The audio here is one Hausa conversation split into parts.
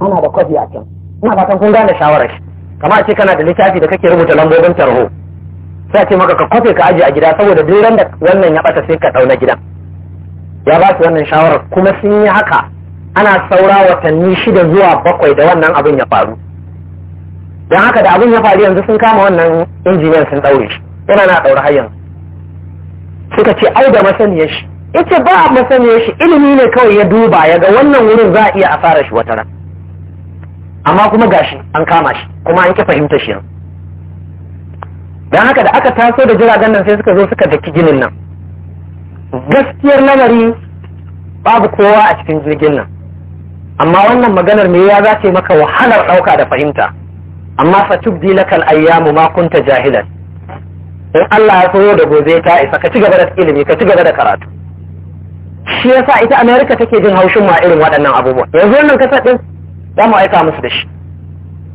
ana da kwafi a can ina fatan kun gane shawarar shi kama a ce kana da littafi da kake rubuta lambobin tarho sai a ce maka ka kwafe ka ajiye a gida saboda duk da wannan ya bata sai ka dauna gidan ya ba su wannan shawarar kuma sun yi haka ana saura watanni shida zuwa bakwai da wannan abin ya faru don haka da abin ya faru yanzu sun kama wannan injiniyan sun daure shi yana na daure har yanzu suka ce au da masaniyar shi yace ba masaniyar shi ilimi ne kawai ya duba ya ga wannan wurin za a iya a shi wata rana amma kuma gashi an kama shi kuma an ki fahimta shi dan haka da aka taso da jiragen nan sai suka zo suka daki ginin nan gaskiyar lamari babu kowa a cikin jirgin nan amma wannan maganar me ya zace maka wahalar ɗauka da fahimta amma fa tubdi lakal ayyamu ma kunta jahilan in Allah ya koyo da gobe ta isa ka ci gaba da ilimi ka ci gaba da karatu shi yasa ita America take jin haushin ma irin waɗannan abubuwa yanzu wannan kasa din za mu aika musu da shi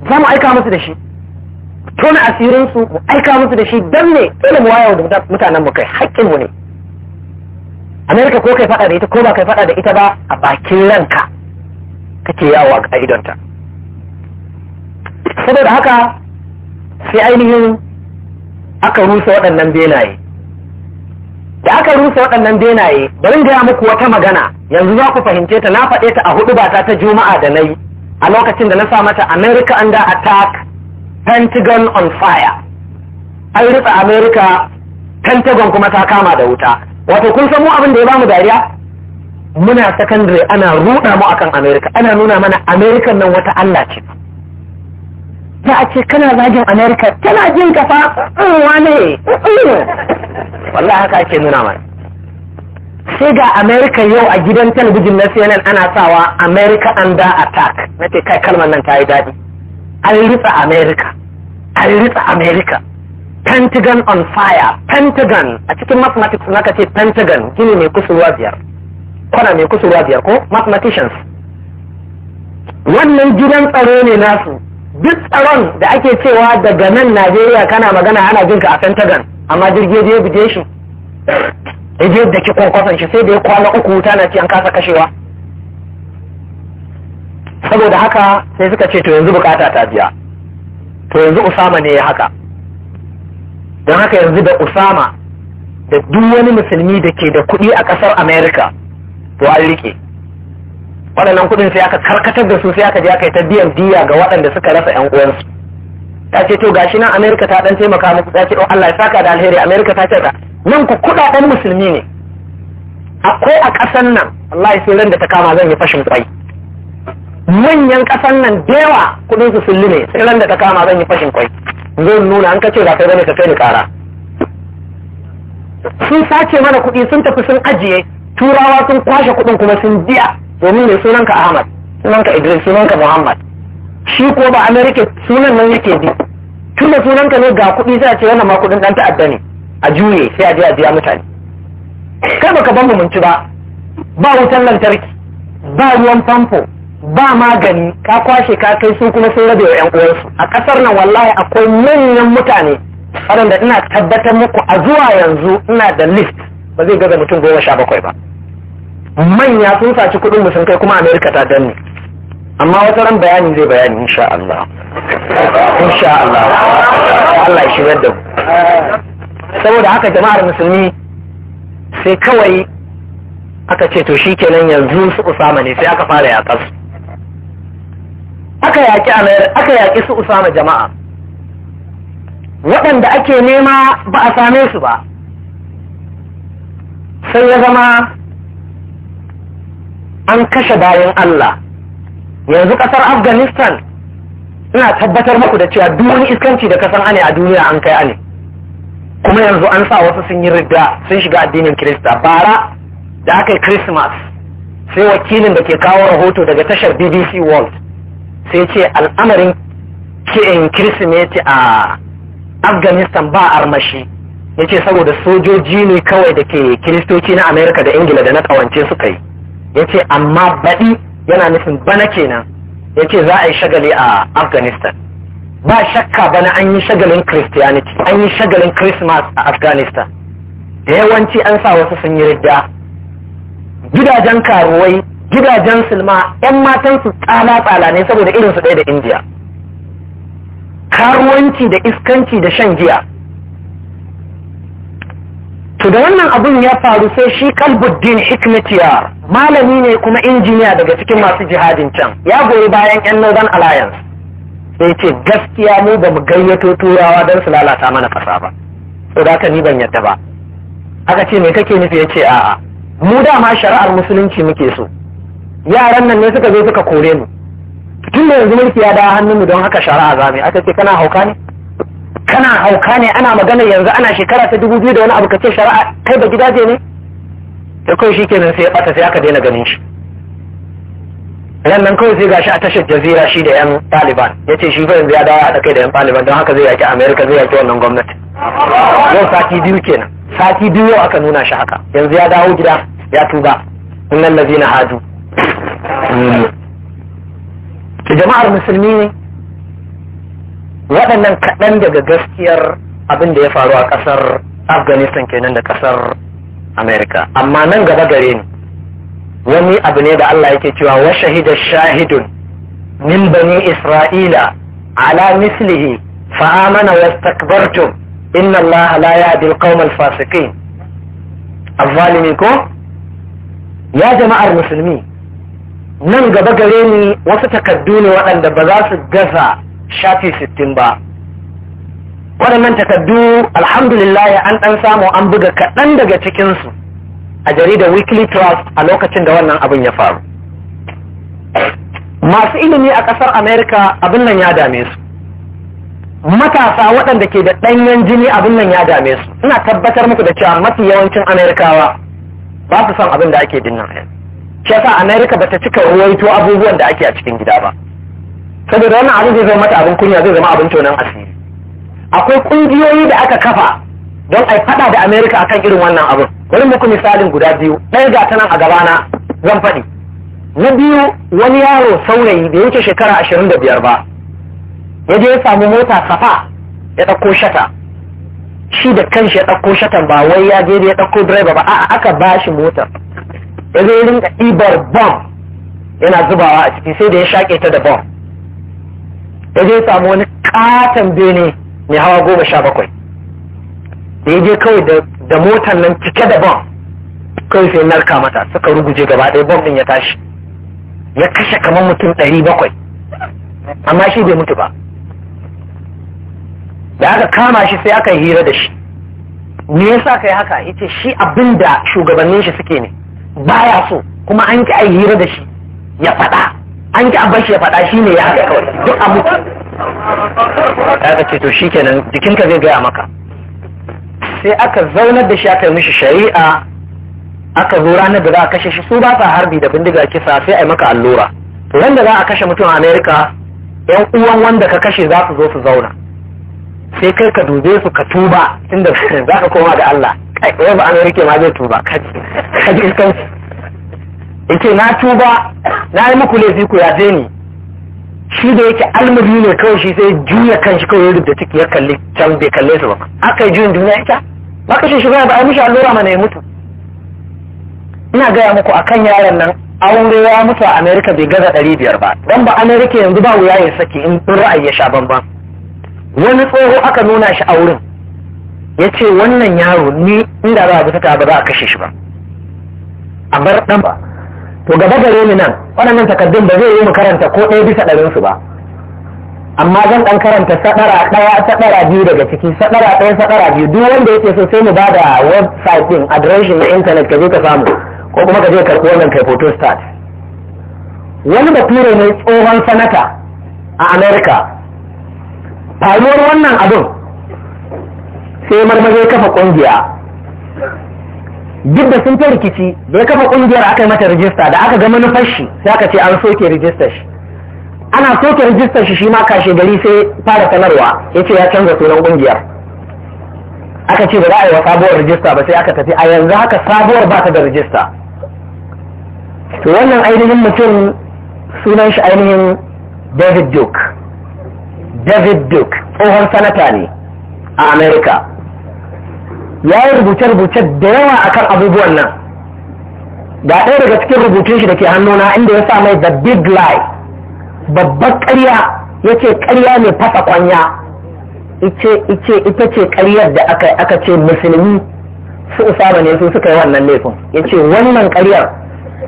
za mu aika musu da shi tona asirinsu mu aika musu da shi don ne ilimin mu wayo da mutanen mu kai haƙƙin mu ne amerika ko kai faɗa da ita ko ba kai faɗa da ita ba a bakin ranka kake yawo a idonta saboda haka sai ainihin aka rusa waɗannan benaye da aka rusa waɗannan benaye bari gaya muku wata magana yanzu za ku fahimce ta na faɗe ta a hudu ba ta ta juma'a da na yi a lokacin da na sa mata America under attack Pentagon on fire an ritsa America Pentagon kuma ta kama da wuta wato kun san mu abin da ya bamu dariya muna secondary ana ruda mu akan America ana nuna mana America nan wata Allah ce za a ce kana zagin America tana jin kafa mm, wane mm. wallahi haka ake nuna mana sai ga america yau a gidan talabijin na cnn ana sawa america under attack na ke kai kalmar nan ta yi daɗi an ritsa america an ritsa america pentagon on fire pentagon a cikin mathematics na ce pentagon gini mai kusurwa biyar kwana mai kusurwa biyar ko mathematicians wannan gidan tsaro ne nasu duk tsaron da ake cewa daga nan najeriya kana magana ana jinka a pentagon amma jirgin ya buje shi ya je da ki kwankwason shi sai da ya kwana uku wuta na an kasa kashewa saboda haka sai suka ce to yanzu bukata ta biya to yanzu usama ne ya haka don haka yanzu da usama da duk wani musulmi da ke da kuɗi a ƙasar america to an riƙe waɗannan kuɗin sai aka karkatar da su sai aka je aka yi ta biyan diya ga waɗanda suka rasa yan uwansu ta ce to gashi nan america ta ɗan taimaka muku ta ce oh allah ya saka da alheri america ta ce nan ku kudaden musulmi ne akwai a ƙasan nan wallahi sai ran da ta kama zan yi fashin kwai manyan ƙasan nan da yawa kudin su sulli ne sai ran da ta kama zan yi fashin kwai zan nuna an kace ba kai bane ka kai ni kara sun sace mana kuɗi sun tafi sun ajiye turawa sun kwashe kuɗin kuma sun biya domin ne sunanka Ahmad sunanka Idris sunanka Muhammad shi ko ba America sunan nan yake bi tunda sunanka ne ga kuɗi sai a ce wannan ma kuɗin ɗan ta'adda ne a juye sai a je mutane kai baka ban mu ba ba wutan lantarki ba ruwan famfo ba magani ka kwashe ka kai su kuma sun rabe wa yan uwansu a ƙasar nan wallahi akwai manyan mutane waɗanda ina tabbatar muku a zuwa yanzu ina da list ba zai gaza mutum goma sha bakwai ba manya sun saci kuɗin mu sun kai kuma amerika ta danne amma wata ran bayani zai bayani insha Allah insha Allah Allah shi yadda mu saboda haka jama'ar musulmi sai kawai aka ce to shi kenan yanzu su usama ne sai aka fara yaƙar su aka yaƙi su usama jama'a waɗanda ake nema ba a same su ba sai ya zama an kashe bayan Allah yanzu ƙasar Afghanistan ina tabbatar maku da cewa duk wani iskanci da kasan ane a duniya an kai ane kuma yanzu an sa wasu sun yi riga, sun shiga addinin kirista bara da aka yi christmas sai wakilin da ke kawo rahoto daga tashar bbc world sai ce al'amarin kein kirsimeti a afghanistan ba armashi ya ce saboda sojoji ne kawai da ke kiristoci na amerika da ingila da na kawance suka yi ya ce amma baɗi yana nufin bana kenan ya ce za a yi shagali a afghanistan ba shakka bana an yi shagalin christianity an yi shagalin christmas a afghanistan da yawanci an sa wasu sun yi ridda gidajen karuwai gidajen silma 'yan matansu tsala-tsala ne saboda irin su ɗaya da indiya karuwanci da iskanci da shan giya to da wannan abun ya faru sai shi kalbuddin hikmetiya malami ne kuma injiniya daga cikin masu jihadin can ya goyi bayan 'yan northern alliance sai ce gaskiya mu ba mu gayyato turawa don su lalata mana ƙasa ba so da haka ni ban yadda ba aka ce me kake nufi ya ce a'a mu dama shari'ar musulunci muke so yaran nan ne suka zo suka kore mu tun da yanzu mulki ya dawo hannun mu don haka shari'a za mu aka ce kana hauka ne kana hauka ne ana magana yanzu ana shekara ta dubu biyu da wani abu ka ce shari'a kai ba gidaje ne da kawai shi kenan sai ya ɓata sai aka daina ganin shi ran nan kawai sai gashi a tashar jazira shi da yan taliban ya ce shi fa yanzu ya dawo a takai da yan taliban don haka zai yaki amerika zai yaki wannan gwamnati yau sati biyu kenan sati biyu yau aka nuna shi haka yanzu ya dawo gida ya tuba innan lazina hadu jama'ar musulmi ne waɗannan kaɗan daga gaskiyar abin da ya faru a ƙasar afghanistan kenan da ƙasar amerika amma nan gaba gare ni wani abu ne da Allah yake cewa wa shahida shahidun min bani isra'ila ala mislihi fa amana wastakbartum inna Allah la yahdi al-qawm al-fasiqin ko ya jama'ar musulmi nan gaba gare ni wasu takaddu ne waɗanda ba za su gasa shafi sittin ba waɗannan takaddu alhamdulillah an ɗan samu an buga kaɗan daga cikinsu a jaridar weekly trust a lokacin da wannan abin ya faru masu ilimi a ƙasar america abin nan ya dame su matasa waɗanda ke da ɗanyen jini abin nan ya dame su ina tabbatar muku da cewa mafi yawancin amerikawa ba su son abin da ake dinnan yanzu shi yasa america bata cika ruwaito abubuwan da ake a cikin gida ba saboda wannan abin zai zama mata abin kunya zai zama abin tonon asiri akwai kungiyoyi da aka kafa don a faɗa da america akan irin wannan abin bari muku misalin guda biyu ɗaya ga tanan a gabana zan faɗi na biyu wani yaro saurayi da yake shekara ashirin da biyar ba ya je ya samu mota safa ya ɗauko shata shi da kanshi ya ɗauko shatan ba wai ya je da ya ɗauko direba ba a'a aka ba shi motar ya zo rinka ibar bom yana zubawa a ciki sai da ya shaƙe ta da bom ya je ya samu wani katon bene mai hawa goma sha bakwai da ya je kawai da da motar nan cike da bom kai sai narka mata suka ruguje gaba ɗaya bom ɗin ya tashi ya kashe kamar mutum ɗari bakwai amma shi bai mutu ba da aka kama shi sai aka yi hira da shi me yasa kai haka yace shi abin da shugabannin shi suke ne baya so kuma an ki ai hira da shi ya faɗa an ki abashi ya faɗa shi ne ya haka kawai duk a mutu da aka ce to shikenan jikinka zai gaya maka sai aka zaunar da shi aka yi mishi shari'a aka zo ranar da za a kashe shi su ba sa harbi da bindiga kisa sai a yi maka allura to wanda za a kashe mutum a america yan uwan wanda ka kashe za su zo su zauna sai kai ka dube su ka tuba inda za ka koma da Allah kai wai ba america ma zai tuba kaji kai in yake na tuba na yi muku laifi ku je ni shi da yake almuri ne kawai shi sai juya kan shi kawai ya rubuta ciki ya kalli can bai kalle su ba aka yi juyin duniya ita ba kashe shiga ba a mishi allura mana ya mutu ina gaya muku akan yaron nan aure ya mutu a amerika bai gaza ɗari biyar ba don ba amerika yanzu ba wuya ya saki in ra'ayi ya sha banban wani tsoho aka nuna shi a wurin ya ce wannan yaro ni inda za a bi ta ba za a kashe shi ba a bar ɗan ba to gaba gare ni nan waɗannan takardun ba zai yi mu karanta ko ɗaya bisa ɗarinsu ba amma zan dan karanta sadara daya sadara biyu daga ciki sadara daya sadara biyu duk wanda yake so sai mu ba da website din adireshin na internet ka je ka samu ko kuma ka je karɓi wannan kai photo start wani da ture ne tsohon sanata a america faruwar wannan abin sai marmaje ya kafa kungiya duk da sun ta rikici bai kafa kungiyar aka yi mata rijista da aka ga manufar shi sai aka ce an soke rijistar shi ana soke rijistar shi shi ma kashe gari sai fara sanarwa ya ce ya canza sunan ƙungiyar aka ce ba za a yi wa sabuwar rijista ba sai aka tafi a yanzu haka sabuwar ba ta da rijista to wannan ainihin mutum sunan shi ainihin david duke david duke tsohon sanata ne a amerika ya yi rubuce-rubuce da yawa akan abubuwan nan ga ɗaya daga cikin rubutun shi da ke hannuna inda ya sa mai the big lie babbar ƙarya ya ce ƙarya ne fasa kwanya ita ce ƙaryar da aka ce musulmi su usama ne su suka yi wannan laifin ya ce wannan karyar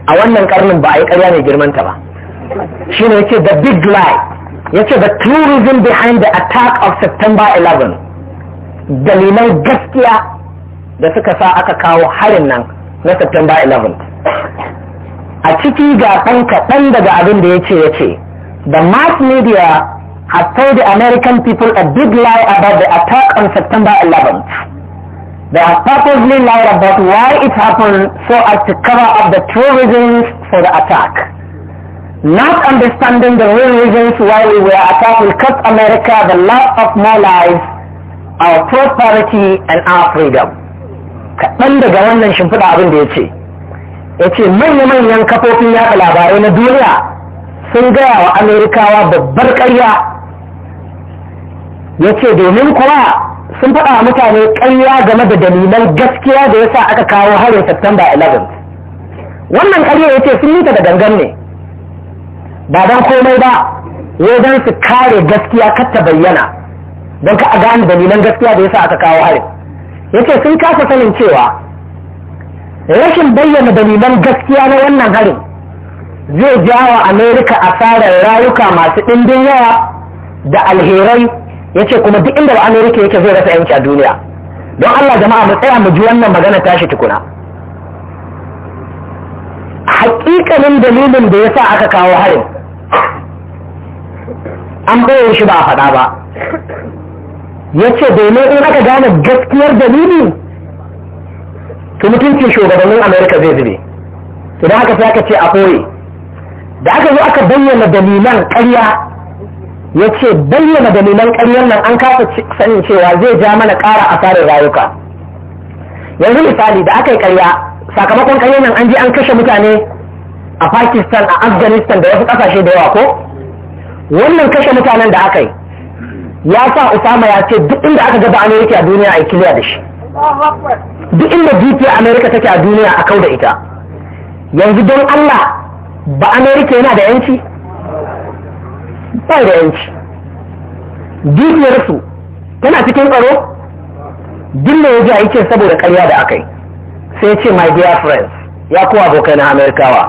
a wannan karnin ba a yi ƙarya mai girmanta ba shi ne ya ce the big lie ya ce the true reason behind the attack of september 11 dalilan gaskiya da suka sa aka kawo harin nan na september 11 a ciki ga ɗan kaɗan daga abin da ya ce ya ce The mass media has told the American people a big lie about the attack on September 11th. They have purposely lied about why it happened so as to cover up the true reasons for the attack. Not understanding the real reasons why we were attacked will cost America the loss of more lives, our prosperity and our freedom. Kaɗan daga wannan shimfiɗa abin da ya ce, ya ce manya-manyan kafofin yaɗa labarai na duniya sun gaya wa amerikawa babbar karya ya ce domin kuwa sun faɗa wa mutane karya game da dalilan gaskiya da ya sa aka kawo harin September 11 wannan ƙarya ya ce sun yi ta da gangan ne ba don komai ba wajen su kare gaskiya kar bayyana don ka a gane dalilan gaskiya da ya sa aka kawo harin ya ce sun kasa sanin cewa rashin bayyana dalilan gaskiya na wannan harin zai jawa amerika asarar rayuka masu ɗimbin yawa da alherai ya ce kuma duk inda ba amerika yake zai rasa yanki a duniya don allah jama'a mu tsaya mu ji wannan magana tashi tukuna hakikanin dalilin da ya sa aka kawo harin an bayyana shi ba a faɗa ba ya ce domin in aka gane gaskiyar dalili to mutuncin shugabannin amerika zai zube to da haka sai aka ce a koyi da aka zo aka bayyana dalilan ƙarya ya ce bayyana dalilan ƙaryar nan an kasa sanin cewa zai ja mana ƙara asarar rayuka yanzu misali da aka yi ƙarya sakamakon ƙaryar nan an je an kashe mutane a pakistan a afghanistan da wasu ƙasashe da yawa ko wannan kashe mutanen da aka yi ya sa usama ya ce duk inda aka gaba yake a duniya a yi kiliya da shi duk inda dukiya amerika take a duniya a kau da ita yanzu don allah ba amerika yana da yanci bai da yanci dukiyarsu tana cikin tsaro duk da yaji ce saboda karya da aka yi sai ce my dear friends ya kuwa abokai na amerikawa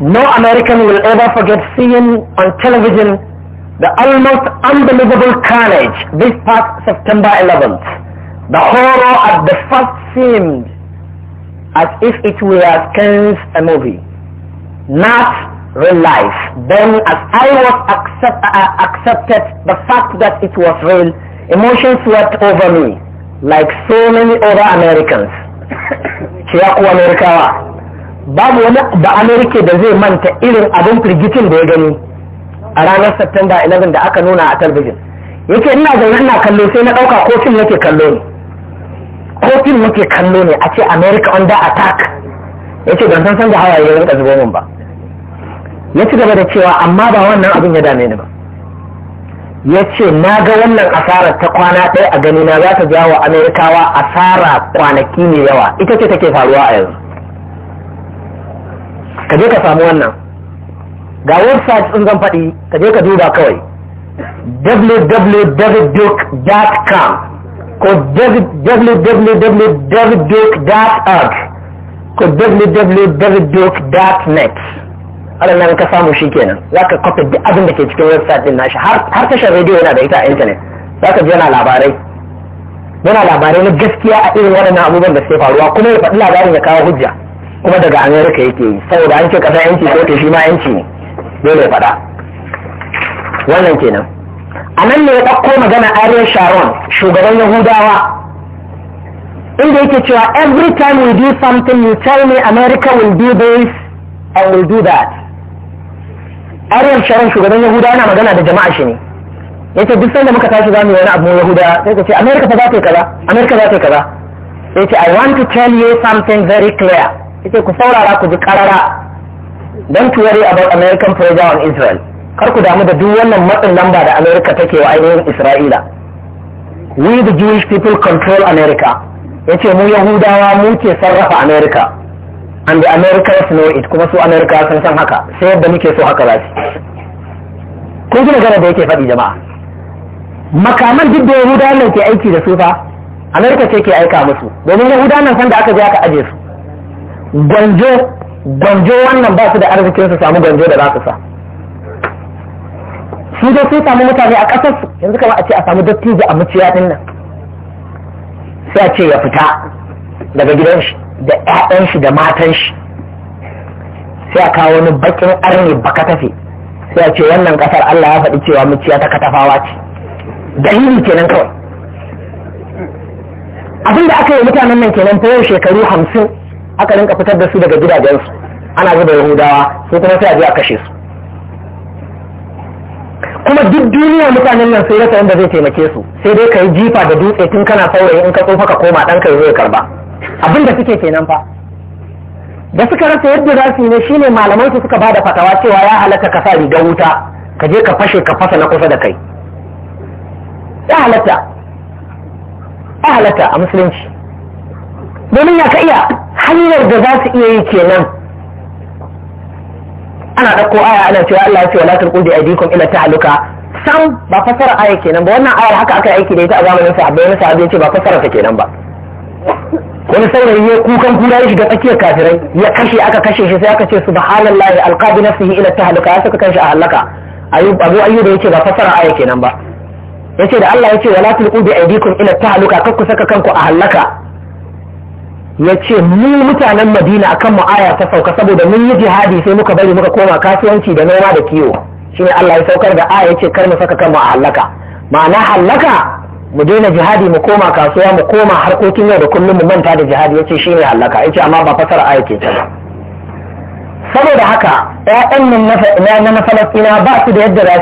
no american will ever forget seeing on television the almost unbelievable carnage this past september 11th the horror at the first seemed as if it were a movie not real life. Then as I was accept, uh, uh, accepted the fact that it was real, emotions swept over me, like so many other Americans. Ciya kuwa Amerikawa, babu wani da Amerika da zai manta irin abin firgitin da ya gani a ranar September 11 da aka nuna a talbijin. Yake ina zaune ina kallo sai na ɗauka kofin yake kallo ne. Kofin yake kallo ne a ce America under attack. Yace ban san san da hawaye ya rinka zubo min ba. ya ci gaba da cewa amma ba wannan abin ya dame ni ba ya ce na ga wannan asarar ta kwana ɗaya a gani na za ta jawo amerikawa asara kwanaki ne yawa ita ce take faruwa a yanzu ka je ka samu wannan ga website ɗin zan faɗi ka je ka duba kawai www.davidduke.com ko www.davidduke.org ko net. halar nan ka samu shi kenan za ka duk abin da ke cikin website din nashi har tashar rediyo yana da ita a intanet za ka ji yana labarai yana labarai na gaskiya a irin waɗannan abubuwan da suke faruwa kuma ya faɗi labarin ya kawo hujja kuma daga amerika yake yi saboda an ce ƙasa yanci ko to shi ma yanci ne dole ya faɗa wannan kenan a nan ne ya ɗauko magana ariel sharon shugaban yahudawa inda yake cewa every time we do something you tell me america will do this and will do that aryan sharon shugaban yahuda yana magana da jama'a shi ne yace duk sanda muka tashi zamu yi wani abu yahuda sai ka ce america fa za ta yi kaza america za ta yi kaza sai ce i want to tell you something very clear yace ku saurara ku ji karara don't worry about american pressure on israel kar ku damu da duk wannan matsin lamba da america take wa ainihin isra'ila we the jewish people control america yace mu yahudawa mu ke sarrafa america and the americans know it kuma su america sun san haka sai yadda muke so haka za su kun ji magana da yake faɗi jama'a makaman duk da yahuda nan ke aiki da su fa america ce ke aika musu domin yahuda nan san da aka je aka aje su gwanjo gwanjo wannan ba su da arzikin su samu gwanjo da za su sa su da su samu mutane a ƙasar su yanzu kamar a ce a samu dattijo a muciya din nan sai a ce ya fita daga gidan shi da ƴaƴanshi da matan shi sai a kawo wani bakin arni baka tafe sai a ce wannan kasar Allah ya faɗi cewa muciya ta katafawa ce dalili kenan kawai abin da aka yi mutanen nan kenan ta yau shekaru hamsin aka rinka fitar da su daga gidajensu ana zuba yahudawa sai kuma sai a je a kashe su kuma duk duniya mutanen nan sai rasa wanda zai taimake su sai dai ka yi jifa da dutse tun kana saurayi in ka tsofa ka koma ɗanka ya zai karba abin da suke kenan fa da suka rasa yadda za su yi ne shine malamai su suka bada fatawa cewa ya halatta ka sa rigar wuta ka je ka fashe ka fasa na kusa da kai ya halatta ya halatta a musulunci domin ya ka iya hanyar da za su iya yi kenan ana ɗauko aya ana cewa Allah ya ce wala tulqu bi aydikum ila ta'aluka sam ba fasara aya kenan ba wannan ayar haka aka aiki da ita a zamanin sahabbai na sahabbai ce ba fasara ta kenan ba wani saurayi ya kukan kura ya shiga tsakiyar kafirai ya kashe aka kashe shi sai aka ce subhanallahi alqabi nafsihi ila tahlaka ya saka kanshi a halaka ayub abu ayyuba yace ba fasara aya kenan ba yace da Allah yace wala tulqu bi aydikum ila tahlaka kakku saka kanku a halaka yace mu mutanen Madina akan mu aya ta sauka saboda mun yi jihadi sai muka bari muka koma kasuwanci da noma da kiwo shine Allah ya saukar da aya yace kar mu saka kanmu a halaka ma'ana halaka mu daina jihadi mu koma kasuwa mu koma harkokin yau da kullum mu manta da jihadi yace shine halaka yace amma ba fasar aya ce ta ba saboda haka ƴaƴan nan na na na Falastina ba su da yadda za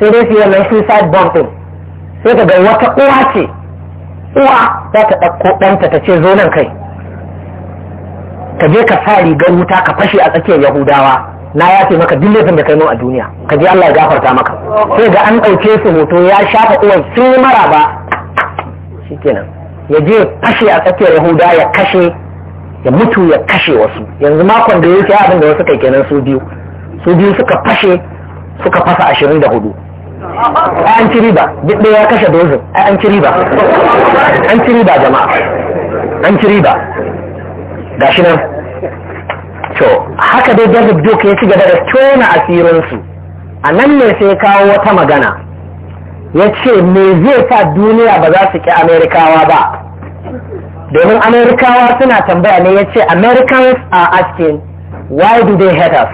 sai dai su yi wannan suicide bomb din sai ka ga wata uwa ce uwa za ta ɗauko ɗanta ta ce zo nan kai ka je ka sa rigar wuta ka fashe a tsakiyar Yahudawa na yafe maka duk da kai mun a duniya ka ji Allah ya gafarta maka sai ga an ɗauke su hoto ya shafa uwan sun yi maraba shikenan ya je fashe a tsakiyar yahuda ya kashe ya mutu ya kashe wasu yanzu makon da ya wuce abin da wasu kai kenan su biyu su biyu suka fashe suka fasa ashirin da hudu Ai an ci riba duk ya kashe dozin Ai an ci riba an ci riba jama'a an ci riba gashi nan to haka dai david duke ya ci gaba da tona asirinsu a nan ne sai kawo wata magana ya ce me zai sa duniya ba za su ki amerikawa ba domin amerikawa suna tambaya ne ya ce americans are asking why do they hate us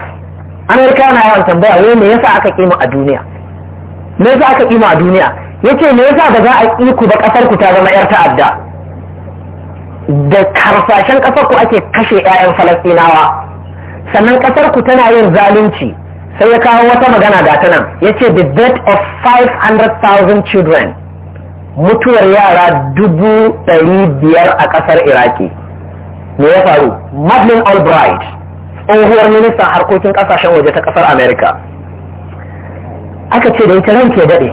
amerikawa na yawan tambaya wai me yasa aka kima a duniya me yasa aka kima a duniya ya ce me yasa ba za a ƙi ku ba ƙasar ku ta zama 'yar ta'adda da karsashen ƙasar ku ake kashe 'ya'yan falastinawa sannan ƙasar ku tana yin zalunci sai ya kawo wata magana ga tana ya ce the death of 500,000 children mutuwar yara dubu ɗari biyar a ƙasar iraki me ya faru Madeline albright tsohuwar ministan harkokin ƙasashen waje ta ƙasar america aka ce da ita ran ke daɗe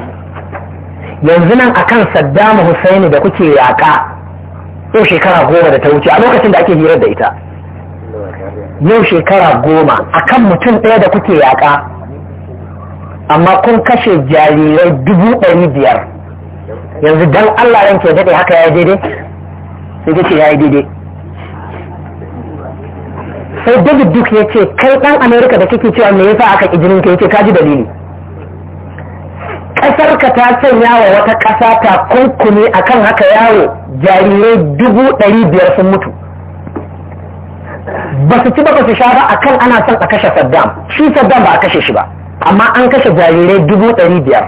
yanzu nan a kan saddam hussein da kuke yaƙa yau shekara goma da ta wuce a lokacin da ake hirar da ita yau shekara goma a kan mutum ɗaya da kuke yaƙa amma kun kashe jarirai dubu ɗari biyar yanzu don Allah yanke daɗe haka ya yi daidai sai ta ce ya yi daidai sai david duk ya ce kai ɗan amerika da kake cewa me yasa aka ijinin ka ya ce kaji dalili ƙasar ka ta sanya wa wata ƙasa ta kunkumi akan haka yawo jarirai dubu ɗari biyar sun mutu ba su ci ba su sha ba akan ana son a kashe saddam shi saddam ba a kashe shi ba amma an kashe jarirai dubu ɗari biyar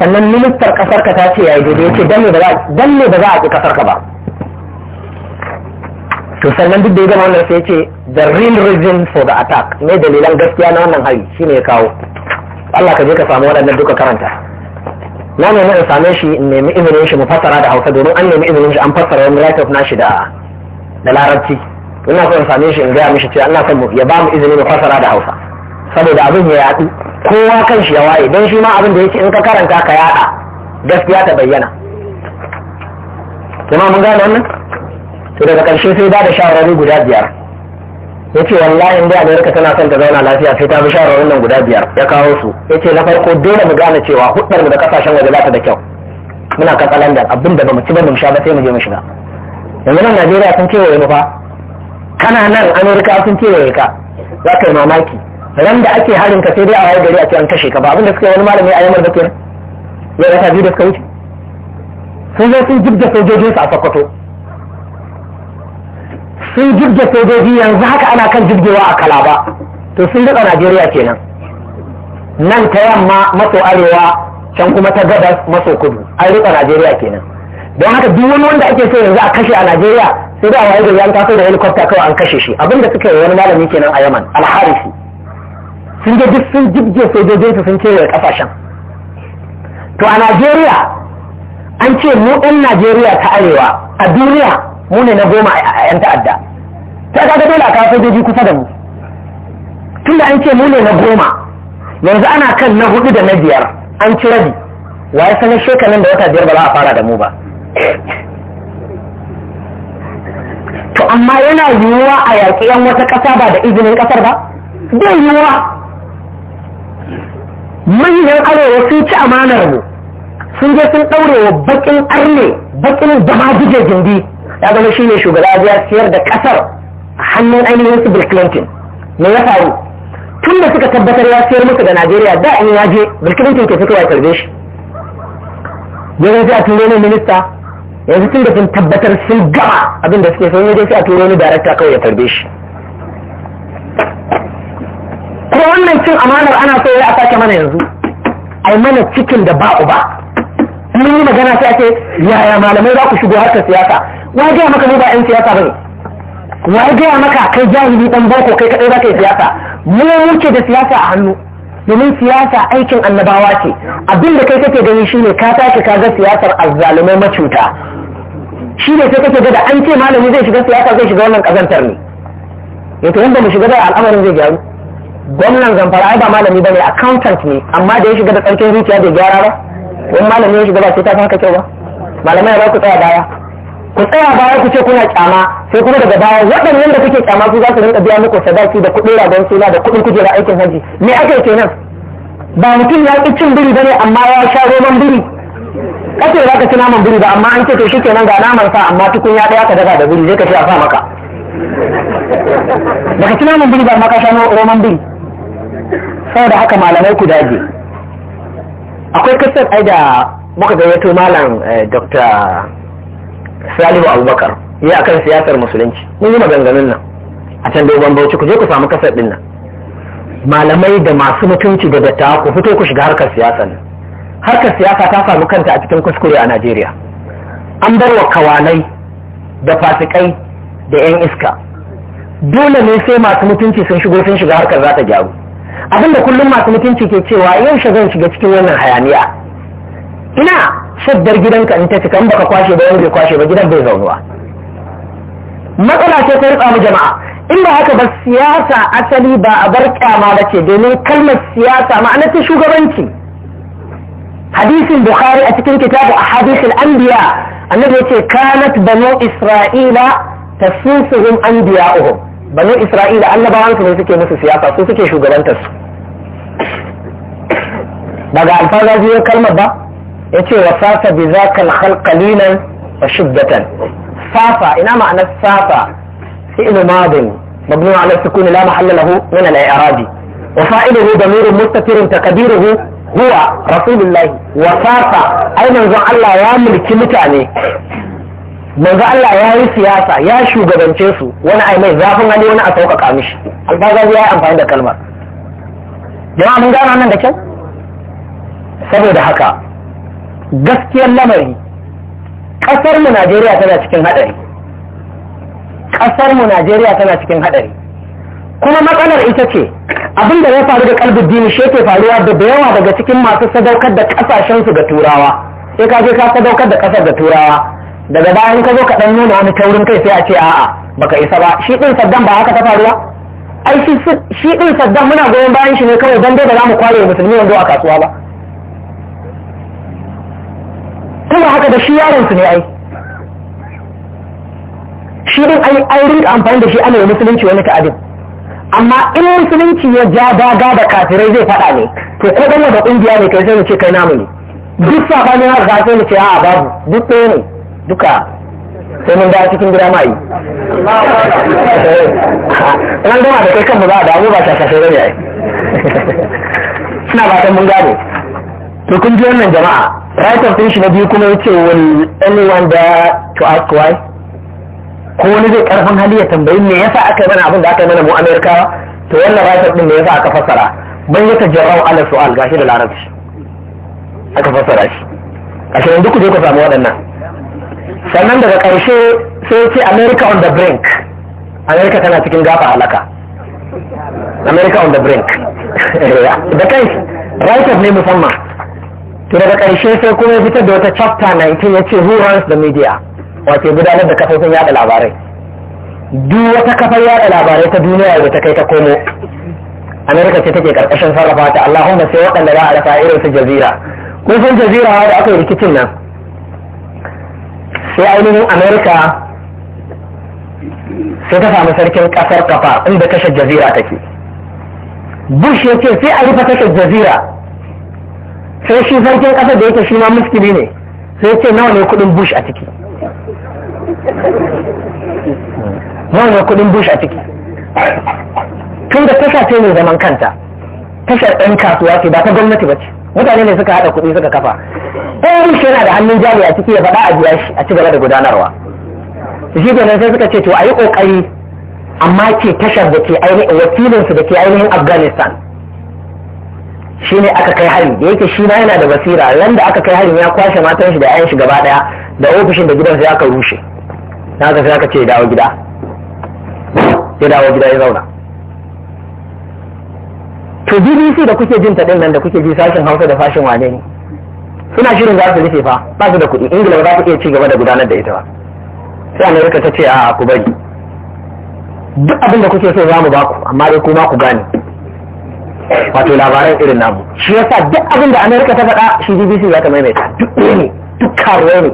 sannan ministar ƙasar ka ta ce ya yi daidai ce dan ne ba za a ƙi ƙasar ka ba to sannan duk da ya gama wannan sai ce the real reason for the attack mai dalilan gaskiya na wannan hari ne ya kawo Allah ka je ka samu waɗannan duka karanta na nemi in same shi in nemi izinin shi mu fassara da Hausa domin an nemi izinin shi an fassara wani right of nashi da larabci ina so in same shi in gaya mishi cewa ina son ya ba mu izini mu fasara da hausa saboda abin ya yaɗu kowa kan shi ya waye don shi ma abin da yake in ka karanta ka yaɗa gaskiya ta bayyana kuma mun gane wannan to daga karshe sai ba da shawarwari guda biyar yace wallahi in dai amerika tana son ta zauna lafiya sai ta bi shawarwarin nan guda biyar ya kawo su yace na farko dole mu gane cewa hudar mu da kasashen waje za ta da kyau muna katsalandar abin da ba mu ci ba mu sha ba sai mu je mu shiga yanzu nan najeriya sun kewaye mu fa kana nan amerika sun wai ka za ka yi mamaki ran da ake harin ka sai dai a wayar gari a ce an kashe ka ba abinda suka yi wani malami a yamar da kenan ya rasa biyu da suka wuce sun zo sun jibga su a sokoto sun jibge sojoji yanzu haka ana kan jibgewa a kalaba to sun daga najeriya kenan nan ta yamma maso arewa can kuma ta gabas maso kudu an rika najeriya kenan don haka duk wani wanda ake so yanzu a kashe a najeriya sai da waye da yan taso da helicopter kawai an kashe shi abinda suka yi wani malami kenan a Yaman al-Harisi sun ga duk sun jibge su sun kewaye kasashen to a Najeriya an ce mu ɗan Najeriya ta arewa a duniya mu ne na goma a yan ta'adda ta kaga dole a kawo sojoji kusa da mu tunda an ce mu ne na goma yanzu ana kan na hudu da na biyar an ci rabi wa ya sanar shekarun da wata biyar ba za a fara da mu ba to amma yana yiwuwa a yaƙi yan wata ƙasa ba da izinin ƙasar ba zai yiwuwa manyan arewa sun ci amanar mu sun je sun ɗaure wa bakin arne bakin zama jije gindi ya zama shi ne shugaba ya siyar da ƙasar a hannun ainihin su bill clinton me ya faru tun da suka tabbatar ya siyar musu da najeriya da in ya je bill clinton ke fitowa ya karbe shi ya a turo ne minista yanzu tun da sun tabbatar sun gama abin da suke sun yi dai a turo wani darakta kawai ya tarbe shi kuma wannan cin amanar ana so ya sake mana yanzu ai mana cikin da ba uba mun yi magana sai ake yaya malamai za ku shigo harkar siyasa wa gaya maka mu ba yan siyasa ne? wa gaya maka kai jahili dan boko kai kadai za ka yi siyasa mu wuce da siyasa a hannu domin siyasa aikin annabawa ce abinda da kai kake gani shine ka sake ka ga siyasar azzalumai macuta shi ne sai kake ga da an ce malami zai shiga siyasa zai shiga wannan kazantar ne yato wanda mu shiga da al'amarin zai gyaru gwamnan zamfara ai ba malami bane accountant ne amma da ya shiga da tsarkin zuciya da gyara ba wani malami ya shiga ba sai ta san kyau ba malamai ba ku tsaya baya ku tsaya baya ku ce kuna kyama sai kuma daga baya waɗannan da kuke kyama su za su rinka biya muku sadaki da kuɗin ragon suna da kuɗin kujera aikin haji me ake kenan ba mutum ya ƙi cin biri ba ne amma ya sha roman biri kace za ka ci naman biri ba amma an ce to shi nan ga naman sa amma tukunya daya ka daga da biri zai ka ci a sa maka ka ci naman biri ba amma ka sha roman biri saboda haka malamai ku dage akwai kasar ai da muka gayyato malam eh, dr salihu abubakar ya akan siyasar musulunci mun yi maganganun nan a can dogon bauchi ku je ku samu kasar din nan malamai da masu mutunci da dattawa ku fito ku shiga harkar siyasar nan harkar siyasa ta samu kanta a cikin kuskure a najeriya an bar wa kawalai da fasikai da 'yan iska dole ne sai masu mutunci sun shigo sun shiga harkar za ta gyaru da kullum masu mutunci ke cewa yaushe zan shiga cikin wannan hayaniya ina shaddar gidanka in ta cika in baka kwashe ba bai kwashe ba gidan bai zaunuwa matsala ce ta rika mu jama'a in ba haka ba siyasa asali ba a bar kyama ba ce domin kalmar siyasa ma'anar ta shugabanci hadisin bukhari a cikin kitabu a hadisin anbiya annabi yace kanat banu isra'ila tasusuhum anbiya'uhum banu isra'ila annabawan su ne suke musu siyasa su suke shugabantar su daga alfaza biyu kalmar ba yace wasafa bi zakal khalqalinan wa shiddatan safa ina ma'anar safa fi'lu madin مبني على السكون لا محل له من الإعراب وفاعله ضمير مستتر تقديره huwa rasulullahi wasafa ai manzon Allah ya mulki mutane manzon Allah ya yi siyasa ya shugabance su wani ai mai zafin hali wani a sauƙaƙa mishi alfazazi ya yi amfani da kalmar jama'a mun gano nan da kyau saboda haka gaskiyar lamari ƙasarmu Najeriya tana cikin haɗari ƙasarmu Najeriya tana cikin haɗari kuma matsalar ita ce abin da ya faru da kalbin dini shi ke faruwa da da yawa daga cikin masu sadaukar da kasashensu ga turawa sai ka je ka sadaukar da kasar da turawa daga bayan ka zo ka dan nuna wani taurin kai sai a ce a'a baka isa ba shi din saddan ba haka ta faruwa ai shi din saddan muna goyon bayan shi ne kawai dan dai ba za mu kware musulmi wando a kasuwa ba kuma haka da shi yaron su ne ai shi din ai ai rinka amfani da shi ana yi musulunci wani ta'adin amma in musulunci ya ja daga da kafirai zai faɗa ne to ko dan da kungiya ne kai sai mu ce kai namu ne duk sabanin haka ka sai mu ce a'a babu duk ɗaya ne duka sai mun dawo cikin gida mai ran eh, gama da kai kanmu za a damu ba sai ne yayi suna ba mun gane to kun ji wannan jama'a right of shi na biyu kuma yace wani anyone da to ask why ko wani zai karfin hali ya tambayi me yasa aka yi mana abin da aka yi mana mu amerika to wannan rashin din me yasa aka fassara ban yata jarrau ala su'al gashi da larabci aka fassara shi gashi yanzu ku je ku samu waɗannan sannan daga ƙarshe sai ce america on the brink america tana cikin gafa halaka america on the brink da kai writer ne musamman to daga ƙarshe sai kuma ya fitar da wata chapter 19 ya ce who runs the media wato gudanar da kafofin yada labarai duk wata kafar yada labarai ta duniya da ta kai ta komo amerika ce take karkashin sarrafa ta allahumma sai waɗanda za a rafa irin su jazira kun san jazira da aka yi rikicin nan sai ainihin amerika sai ta samu sarkin kasar kafa inda kashe jazira take bush ya ce sai a rufe kashe jazira sai shi sarkin kasar da yake shi ma muskili ne sai ce nawa ne kudin bush a ciki nawa ne kudin bush a ciki tun da tasha ce mai zaman kanta tashar ɗan kasuwa ce ba ta gwamnati ba ce mutane ne suka haɗa kuɗi suka kafa ɗan bush yana da hannun jari a ciki ya faɗa a biya shi a cigaba da gudanarwa shi kenan sai suka ce to a yi ƙoƙari amma ke tashar da ke ainihin wakilinsu da ke ainihin afghanistan shi ne aka kai hari da yake shi ma yana da basira yanda aka kai harin ya kwashe matan shi da 'yan shi gaba ɗaya da ofishin da gidansa ya ka rushe ta haka sai aka ce dawo gida sai dawo gida ya zauna to bbc da kuke jin ta nan da kuke ji sashen hausa da fashin wane ne suna shirin za su rufe fa ba su da kuɗi ingila ba za ku iya ci gaba da gudanar da ita ba sai amerika ta ce a ku bari duk abin da kuke so za mu baku amma dai kuma ku gane wato labaran irin namu shi yasa duk abin da amerika ta faɗa shi bbc za ta maimaita duk ne duk karuwa ne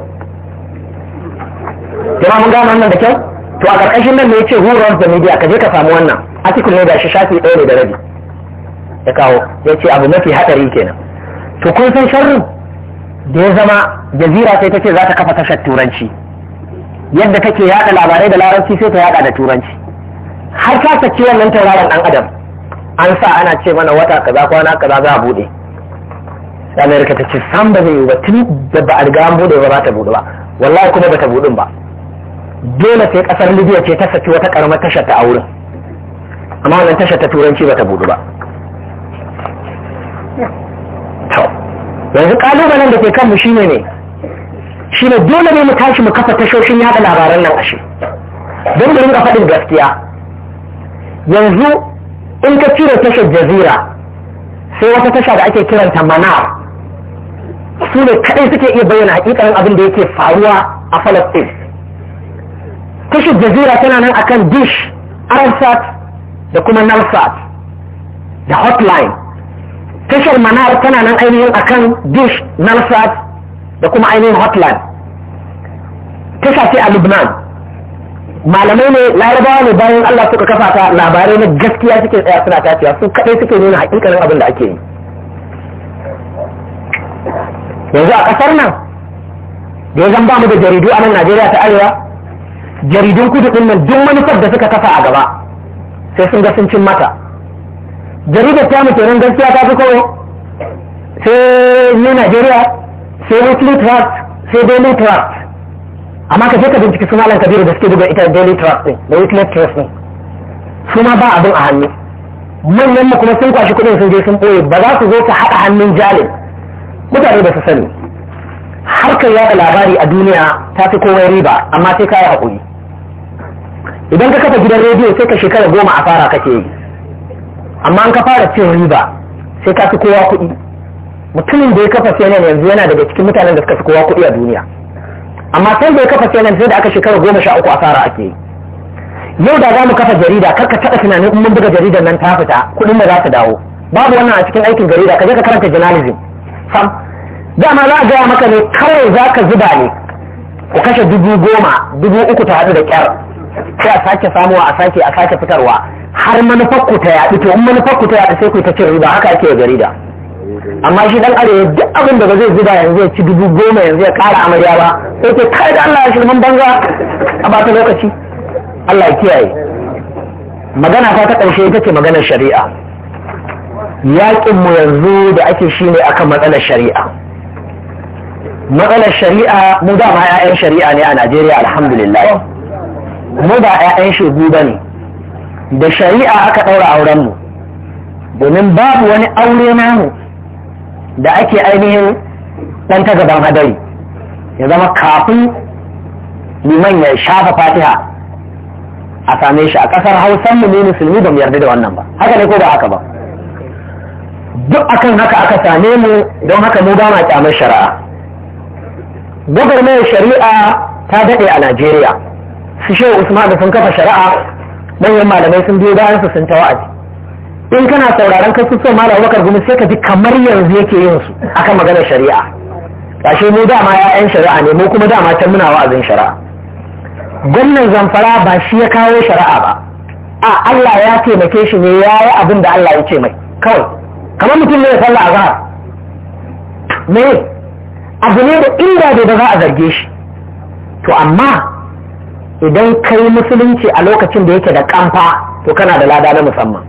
jama mun gane wannan da kyau to a ƙarƙashin nan ne ya ce who runs the media ka je ka samu wannan article ne da shi shafi ɗaya ne da rabi ya kawo ya abu mafi haɗari kenan to kun san sharrin da ya zama jazira sai ta ce za ta kafa tashar turanci yadda take yaɗa labarai da larabci sai ta yaɗa da turanci har ta saki wannan tauraron ɗan adam an sa ana ce mana wata kaza kwana kaza za a buɗe amerika ta ce san ba zai yi ba tun da ba a riga an buɗe ba za ta buɗe ba wallahi kuma ba ta ba dole sai kasar libya ce ta saki wata karamar tashar ta auren amma wannan tashar ta turanci ba ta budu ba yanzu kalubalen da ke kanmu shine ne shine dole ne mu tashi mu kafa tashoshin yada labaran nan ashe don mu rinka faɗin gaskiya yanzu in ka cire tashar jazira sai wata tasha da ake kiranta mana su ne kaɗai suke iya bayyana hakikanin abin da yake faruwa a falastin tashar jazira tana nan akan dish arabsat da kuma nalsat da hotline tashar manar tana nan ainihin akan dish nalsat da kuma ainihin hotline tasha ce a lubnan malamai ne larabawa ne bayan allah suka kafa ta labarai na gaskiya suke tsaya suna tafiya su kadai suke nuna hakikanin abin da ake yi yanzu a kasar nan da ya zan ba mu da jaridu a nan najeriya ta arewa jaridun kudu din nan duk manufar da suka kafa a gaba sai sun ga sun cin mata jaridar ta mu kenan gaskiya ta fi kawo sai ne Najeriya sai Weekly Trust sai Daily Trust amma ka je ka binciki suna Kabiru da suke buga ita Daily Trust ne da Weekly Trust ne su ma ba abin a hannu manyan mu kuma sun kwashi kudin sun je sun boye ba za su zo su haɗa hannun jalin mutane ba su sani harkar yaɗa labari a duniya ta fi kowai riba amma sai kaya haƙuri idan ka kafa gidan rediyo sai ka shekara goma a fara kake yi amma an ka fara cin riba sai ka fi kowa kuɗi mutumin da ya kafa CNN yanzu yana daga cikin mutanen da suka fi kowa kuɗi a duniya amma sai da ya kafa CNN sai da aka shekara goma sha uku a fara ake yi yau da za mu kafa jarida kar ka taɓa tunanin in mun buga jaridar nan ta fita kuɗin da za su dawo babu wannan a cikin aikin jarida ka je ka karanta journalism sam dama za a gaya maka ne kawai za ka zuba ne ku kashe dubu goma dubu uku ta haɗu da kyar sai a sake samuwa a sake a sake fitarwa har manufar ta yaɗu to in manufar ku ta yaɗu sai ku ta cin riba haka ake jarida amma shi dan arewa duk abin da ba zai zuba yanzu ya ci dubu goma yanzu ya ƙara amarya ba sai ke kai da Allah ya shirman banza a bata lokaci Allah ya kiyaye magana ta ta ƙarshe ita ce maganar shari'a yaƙin mu yanzu da ake shi ne akan matsalar shari'a matsalar shari'a mu dama 'ya'yan shari'a ne a Najeriya alhamdulillah mu ba 'ya'yan shegu ba ne da shari'a aka ɗaura aurenmu domin babu wani aure namu da ake ainihin ɗan ta gaban hadari ya zama kafin liman ya shafa fatiha a same shi a ƙasar hausan mu ne musulmi ba mu yarda da wannan ba haka ne ko ba haka ba duk akan haka aka same mu don haka mu ba ma kyamar shari'a gwagwarmayar shari'a ta daɗe a najeriya su shehu usman da sun kafa shari'a manyan malamai sun biyo bayan su sun ta wa'azi in kana sauraron kasu so malam abubakar gumi sai ka ji kamar yanzu yake yin su akan maganar shari'a gashi mu dama ya'yan shari'a ne mu kuma dama can muna wa'azin shari'a gwamnan zamfara ba shi ya kawo shari'a ba a Allah ya taimake shi ne ya yi abin da Allah ya ce mai kawai kamar mutum ne ya sallah a zahar ne abu ne da inda da ba za a zarge shi to amma idan kai musulunci a lokacin da yake da kamfa to kana da lada na musamman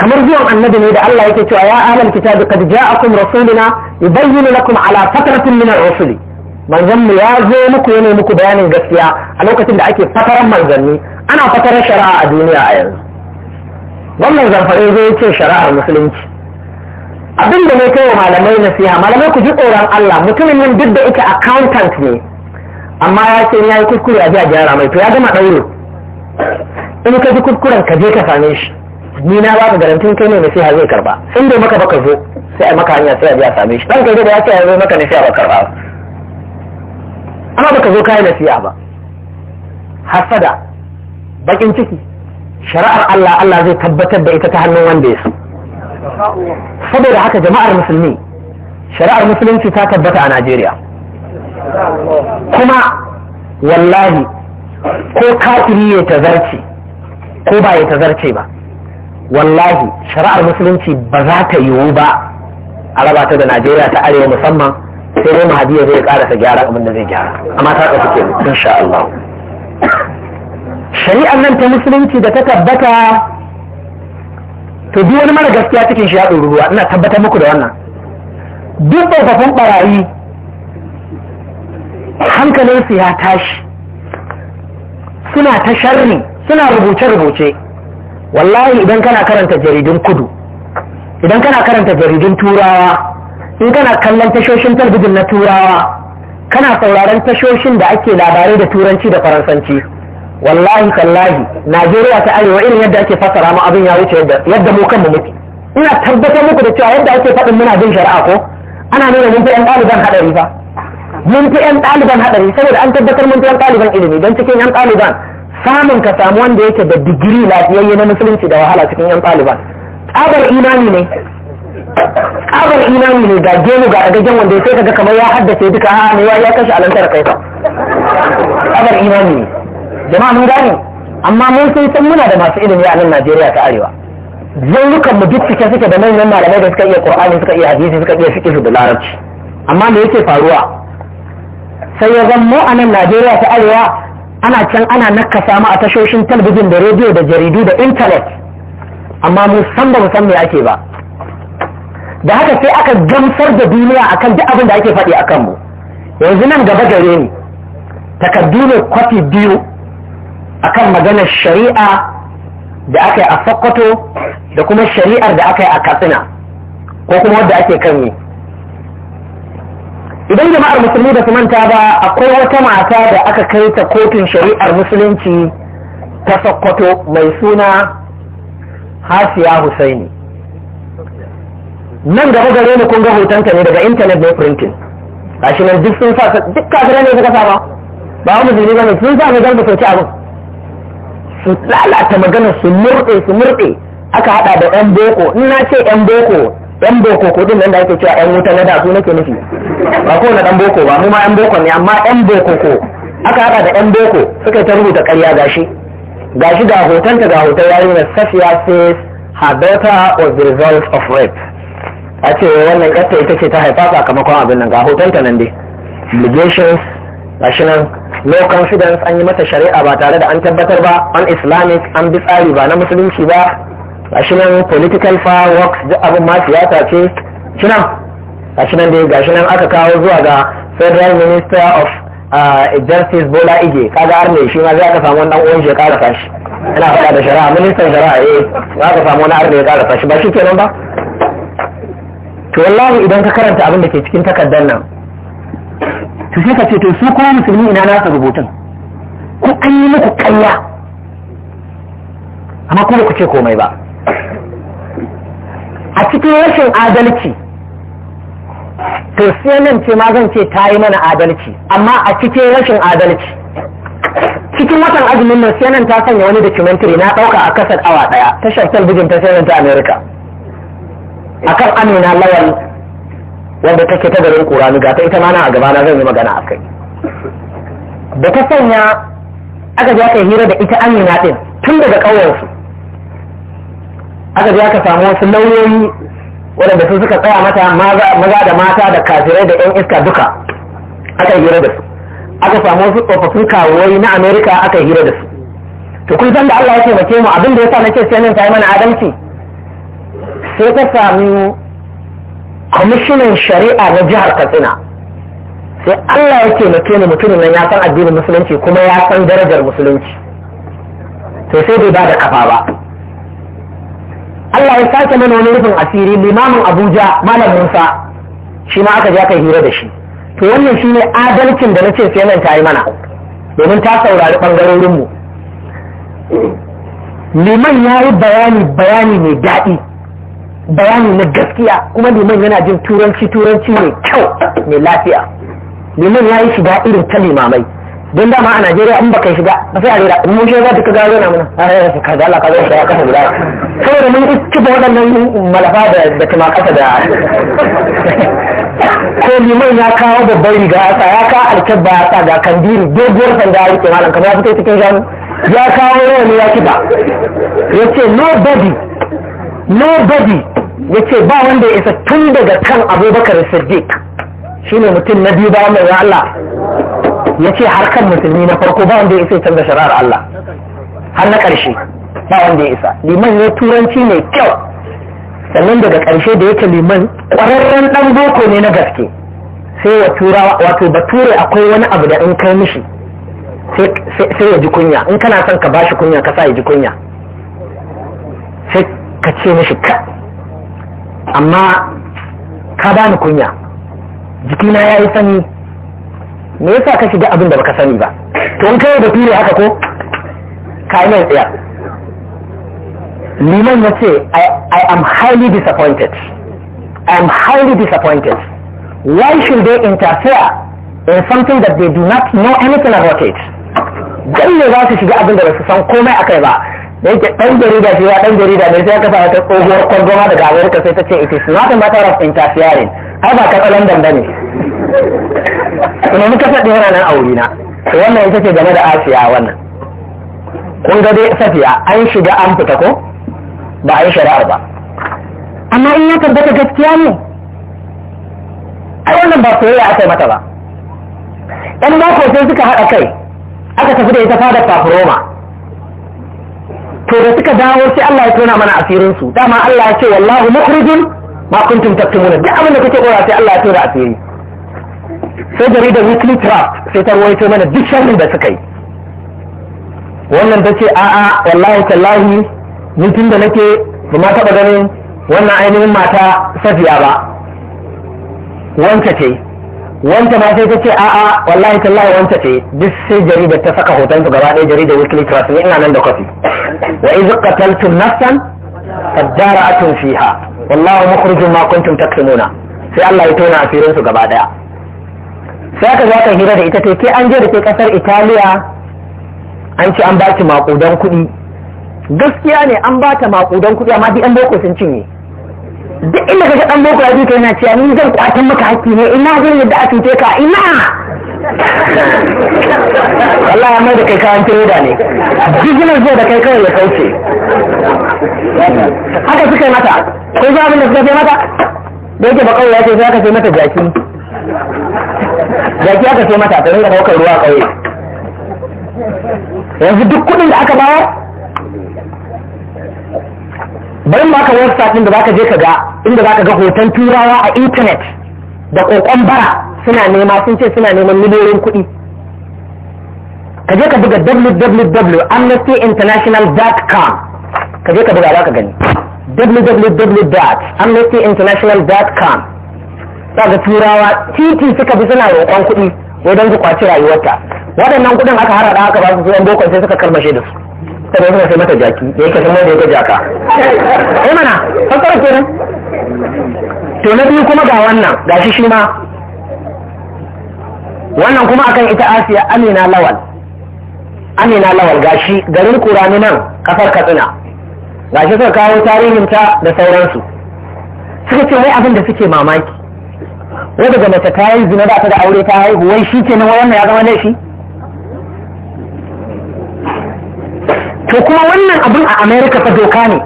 kamar zuwan annabi ne da Allah yake cewa ya ahlal kitabi qad ja'akum rasuluna yubayyinu lakum ala fatratin min ar-rusuli manzanmu ya zo muku yana muku bayanin gaskiya a lokacin da ake fatarar manzanni ana fatarar shari'a a duniya a yanzu wannan zamfare zai ce shari'ar musulunci Abinda ne kai wa malamai nasiha malamai ku ji tsoron Allah mutumin nan duk da ita accountant ne amma ya ce ya yi kuskure a ji a gyara mai to ya gama ɗaure in ka ji kuskuren ka je ka same shi ni na ba ka garantin kai ne na nasiha zai karba in dai maka baka zo sai a maka hanya sai a je a same shi dan kai da ya ce ya zo maka nasiha ba karba amma baka zo kai siya ba hasada bakin ciki shari'ar Allah Allah zai tabbatar da ita ta hannun wanda ya so saboda haka jama'ar musulmi shari'ar musulunci ta tabbata a Najeriya kuma wallahi ko kafiri ya tazarce ko ba ya tazarce ba wallahi shari'ar musulunci ba za ta yiwu ba a rabata da najeriya ta arewa musamman sai dai mahadiya zai karasa gyara abin da zai gyara amma ta ɗauki ke insha Allah shari'ar nan ta musulunci da ta tabbata to duk wani mara gaskiya cikin shi ya ruwa ina tabbatar muku da wannan duk tsofaffin ɓarayi hankalinsu ya tashi suna ta sharri suna rubuce-rubuce wallahi idan kana karanta jaridun kudu idan kana karanta jaridun turawa in kana kallon tashoshin talbijin na turawa kana sauraron tashoshin da ake labarai da turanci da faransanci wallahi tallahi najeriya ta arewa irin yadda ake fassara mu abin ya wuce yadda mu kanmu muke ina tabbatar muku da cewa yadda ake faɗin muna bin shari'a ko ana nuna mun fi ɗan ɗaliban haɗari fa mun fi yan ɗaliban haɗari saboda an tabbatar mun fi yan ɗaliban ilimi don cikin yan ɗaliban samun ka samu wanda yake da digiri lafiyayye na musulunci da wahala cikin yan ɗaliban tsabar imani ne tsabar imani ne ga gemu ga agajen wanda ya sai kaga kamar ya haddace duka a ne ya kashe alantar kai fa tsabar imani ne jama'a mun gane amma mun sun san muna da masu ilimi a nan Najeriya ta arewa zaulukan mu duk cike suke da manyan malamai da suka iya Qur'ani suka iya hadisi suka iya su da larabci amma me yake faruwa sai ya zama a nan najeriya ta arewa ana can ana nakasa ma a tashoshin talabijin da rediyo da jaridu da intanet amma mu san ba mu san me ake ba da haka sai aka gamsar da duniya akan duk abin da ake faɗi a kanmu yanzu nan gaba gare ni takardu ne kwafi biyu akan maganar shari'a da aka yi a sokoto da kuma shari'ar da aka yi a katsina ko kuma wadda ake kan yi idan jama'ar musulmi ba su manta ba akwai wata mata da aka kai ta kotun shari'ar musulunci ta sokoto mai suna hasiya husaini nan gaba gare ni kun ga hotonta ne daga intanet mai printing shi nan duk sun sa duk kafirai ne suka saba ba wa musulmi ba ne sun sa ne don sauki abin su lalata magana su murɗe su murɗe aka haɗa da yan boko in na ce yan boko yan boko ko nan da ake cewa yan wuta na dasu su nake nufi ba ko na dan boko ba mu ma yan boko ne amma yan boko ko aka haɗa da yan boko suka ta rubuta ƙarya gashi gashi ga hotonta ga hoton da Safiya says her daughter was the result of rape a ce wannan yarta ita ce ta haifa sakamakon abin nan ga hotonta nan dai obligations gashi nan no confidence an yi mata shari'a ba tare da an tabbatar ba an islamic an bi tsari ba na musulunci ba gashi nan political fireworks duk abin ma siyasa ce shi nan gashi nan dai gashi nan aka kawo zuwa ga federal minister of uh, justice bola ige kaga ne shi ma zai aka samu wannan uwan shi ya shi yana faɗa da shari'a ministan shari'a eh Za ka samu wani ne ya karasa shi ba shi kenan ba to wallahi idan ka karanta abin da ke cikin takardar nan to sai ka ce to su kuma musulmi ina nasa rubutun ko an yi muku kanya amma kuma ku ce komai ba a cikin rashin adalci to nan ce ma zan ce ta yi mana adalci amma a cikin rashin adalci cikin watan azumin nan CNN ta sanya wani documentary na ɗauka a kasar awa ɗaya tashar talbijin ta CNN ta Amerika akan Amina Lawal wanda take ta garin Kurani ga ta ita ma na a gabana zan yi magana a kai da ta sanya aka je aka hira da ita Amina din tun daga ƙauyensu aka aka samu wasu lauyoyi waɗanda su suka tsaya mata maza da mata da kafirai da yan iska duka aka yi hira da su aka samu wasu tsofaffin kawai na amerika aka yi hira da su to kun san da allah ya taimake mu abin da ya sa na ce sai ta yi mana adalci sai ta sami kwamishinan shari'a na jihar katsina sai allah ya taimake ni mutumin nan ya san addinin musulunci kuma ya san darajar musulunci to sai bai ba da kafa ba Allah ya sake mana wani rufin asiri limamin Abuja Malam Musa shi ma aka je aka hira da shi to wannan shine adalcin da nace sai nan tayi mana domin ta saurari bangarorin mu liman ya yi bayani bayani mai daɗi bayani na gaskiya kuma liman yana jin turanci turanci mai kyau mai lafiya liman ya yi shiga irin ta limamai don dama a Najeriya in baka shiga ba sai a rera mun shi za ka gano na mana a ah, ka eh, eh, kaza Allah ka zo da kasa guda saboda mun ci ba waɗannan malafa da da kuma kafa da ko liman ya kawo babbar riga a ya ka alkebba ya sa ga kandiri doguwar sanda ya rike malam kamar ya cikin shanu ya kawo yawa ne ya kiba ya ce nobody nobody ya ce ba wanda ya isa tun daga kan abubakar siddiq shine mutum na biyu ba mai Allah ya ce har kan musulmi na farko ba wanda ya isa canza shari'ar Allah har na ƙarshe ba wanda ya isa liman ya turanci mai kyau sannan daga ƙarshe da yake liman ƙwararren ɗan boko ne na gaske sai ya tura wato bature akwai wani abu da in kai mishi sai ya ji kunya in kana son ka bashi kunya ka sa ya ji kunya sai ka ce mishi ka amma ka bani kunya jikina ya yi sani me yasa ka shiga abin da baka sani ba to in kai da fili haka ko ka yi tsaya liman ya ce i am highly disappointed i am highly disappointed why should they interfere in something that they do not know anything about it dan ne za su shiga abin da su san komai akai ba da yake dan jarida shi ya dan jarida ne sai aka fara ta tsohuwar kwangoma daga ka sai ta ce it is not a matter of interfering ai ba ka ba ne kuma muka faɗi yana nan aure na wannan ita ce game da asiya wannan kun ga dai safiya an shiga an fita ko ba a yi shari'ar ba amma in ya tabbata gaskiya ne ai wannan ba soyayya aka yi mata ba ɗan mako sai suka haɗa kai aka tafi da ita fadar fafuroma to da suka dawo sai Allah ya tona mana asirinsu dama Allah ya ce wallahu mukhrijun ma kuntum taktumuna duk abin da kuke koya sai Allah ya tona asirin. sai jaridar weekly trust sai ta rawaito mana duk sharrin da suka yi wannan ta ce a'a wallahi tallahi ni tun da nake ba ma taɓa ganin wannan ainihin mata safiya ba wanta ce wanta ma sai ta ce a'a wallahi tallahi wanta ce duk sai jaridar ta saka hoton su gaba ɗaya jaridar weekly trust ne ina nan da kwafi wa iz qataltum nafsan fadara'atun fiha wallahu mukhrijum ma kuntum taktumuna sai Allah ya tona asirin su gaba ɗaya sai aka zaka hira da ita to ke an je da ke kasar italiya an ci an ba ki makudan kuɗi gaskiya ne an ba ta makudan kuɗi amma duk ɗan boko sun cinye duk inda kaga ɗan boko ya duka yana cewa ni zan kwatan maka haƙƙi ne ina zan yadda a cuce ka ina Allah ya mai da kai kayan tiroda ne jijinan zuwa da kai kawai ya kauce haka suka yi mata ko za abin da suka mata da yake ba kawai ya ce sai aka ce mata jaki da ki aka ce mata ta rinka daukar ruwa kauye yanzu duk kudin da aka bawa, bari ma ka wasu din da zaka je ka ga inda zaka ga hoton turawa a intanet da kokon bara suna nema sun ce suna neman miliyoyin kudi. ka je ka buga www.amnestyinternational.com ka je ka buga za ka gani www.amnestyinternational.com daga turawa titi suka bi suna roƙon kuɗi wajen su kwaci rayuwarta waɗannan kuɗin aka harada aka ba su sunan boko sai suka karmashe da su sai suka sai mata jaki da yake san wanda yake jaka ai eh mana fakkar kenan to na biyu kuma ga wannan gashi shi ma wannan kuma akan ita Asiya Amina Lawal Amina Lawal gashi garin Kurani nan kafar Katsina gashi suka kawo tarihin ta da sauransu suka ce wai abin da suke mamaki wai daga mace ta yi zina da ta da aure ta haihu wai shi ke nan wannan ya zama laifi to kuma wannan abin a amerika fa doka ne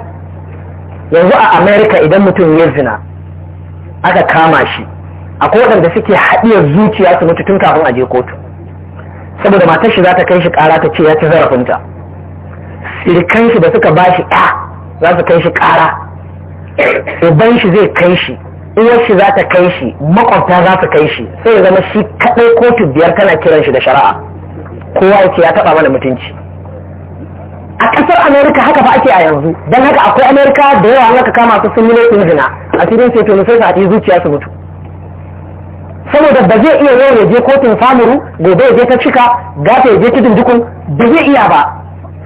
yanzu a amerika idan mutum ya zina aka kama shi akwai waɗanda suke haɗiyar zuciya su mutu tun kafin a je kotu saboda matar shi za ta kai shi ƙara ta ce ya ci zarafinta sirikan shi da suka ba shi ɗa za su kai shi ƙara uban shi zai kai shi uwar shi za ta kai shi makwabta za ta kai shi sai ya zama shi kaɗai kotu biyar tana kiran shi da shari'a kowa yake ya taɓa mana mutunci a ƙasar amerika haka fa ake a yanzu don haka akwai amerika da yawa haka kama su sun yi zina a cikin ceto sai su haɗi zuciya su mutu saboda ba zai iya yau ya je kotun famuru gobe ya je ta cika gata ya je tudun dukun ba zai iya ba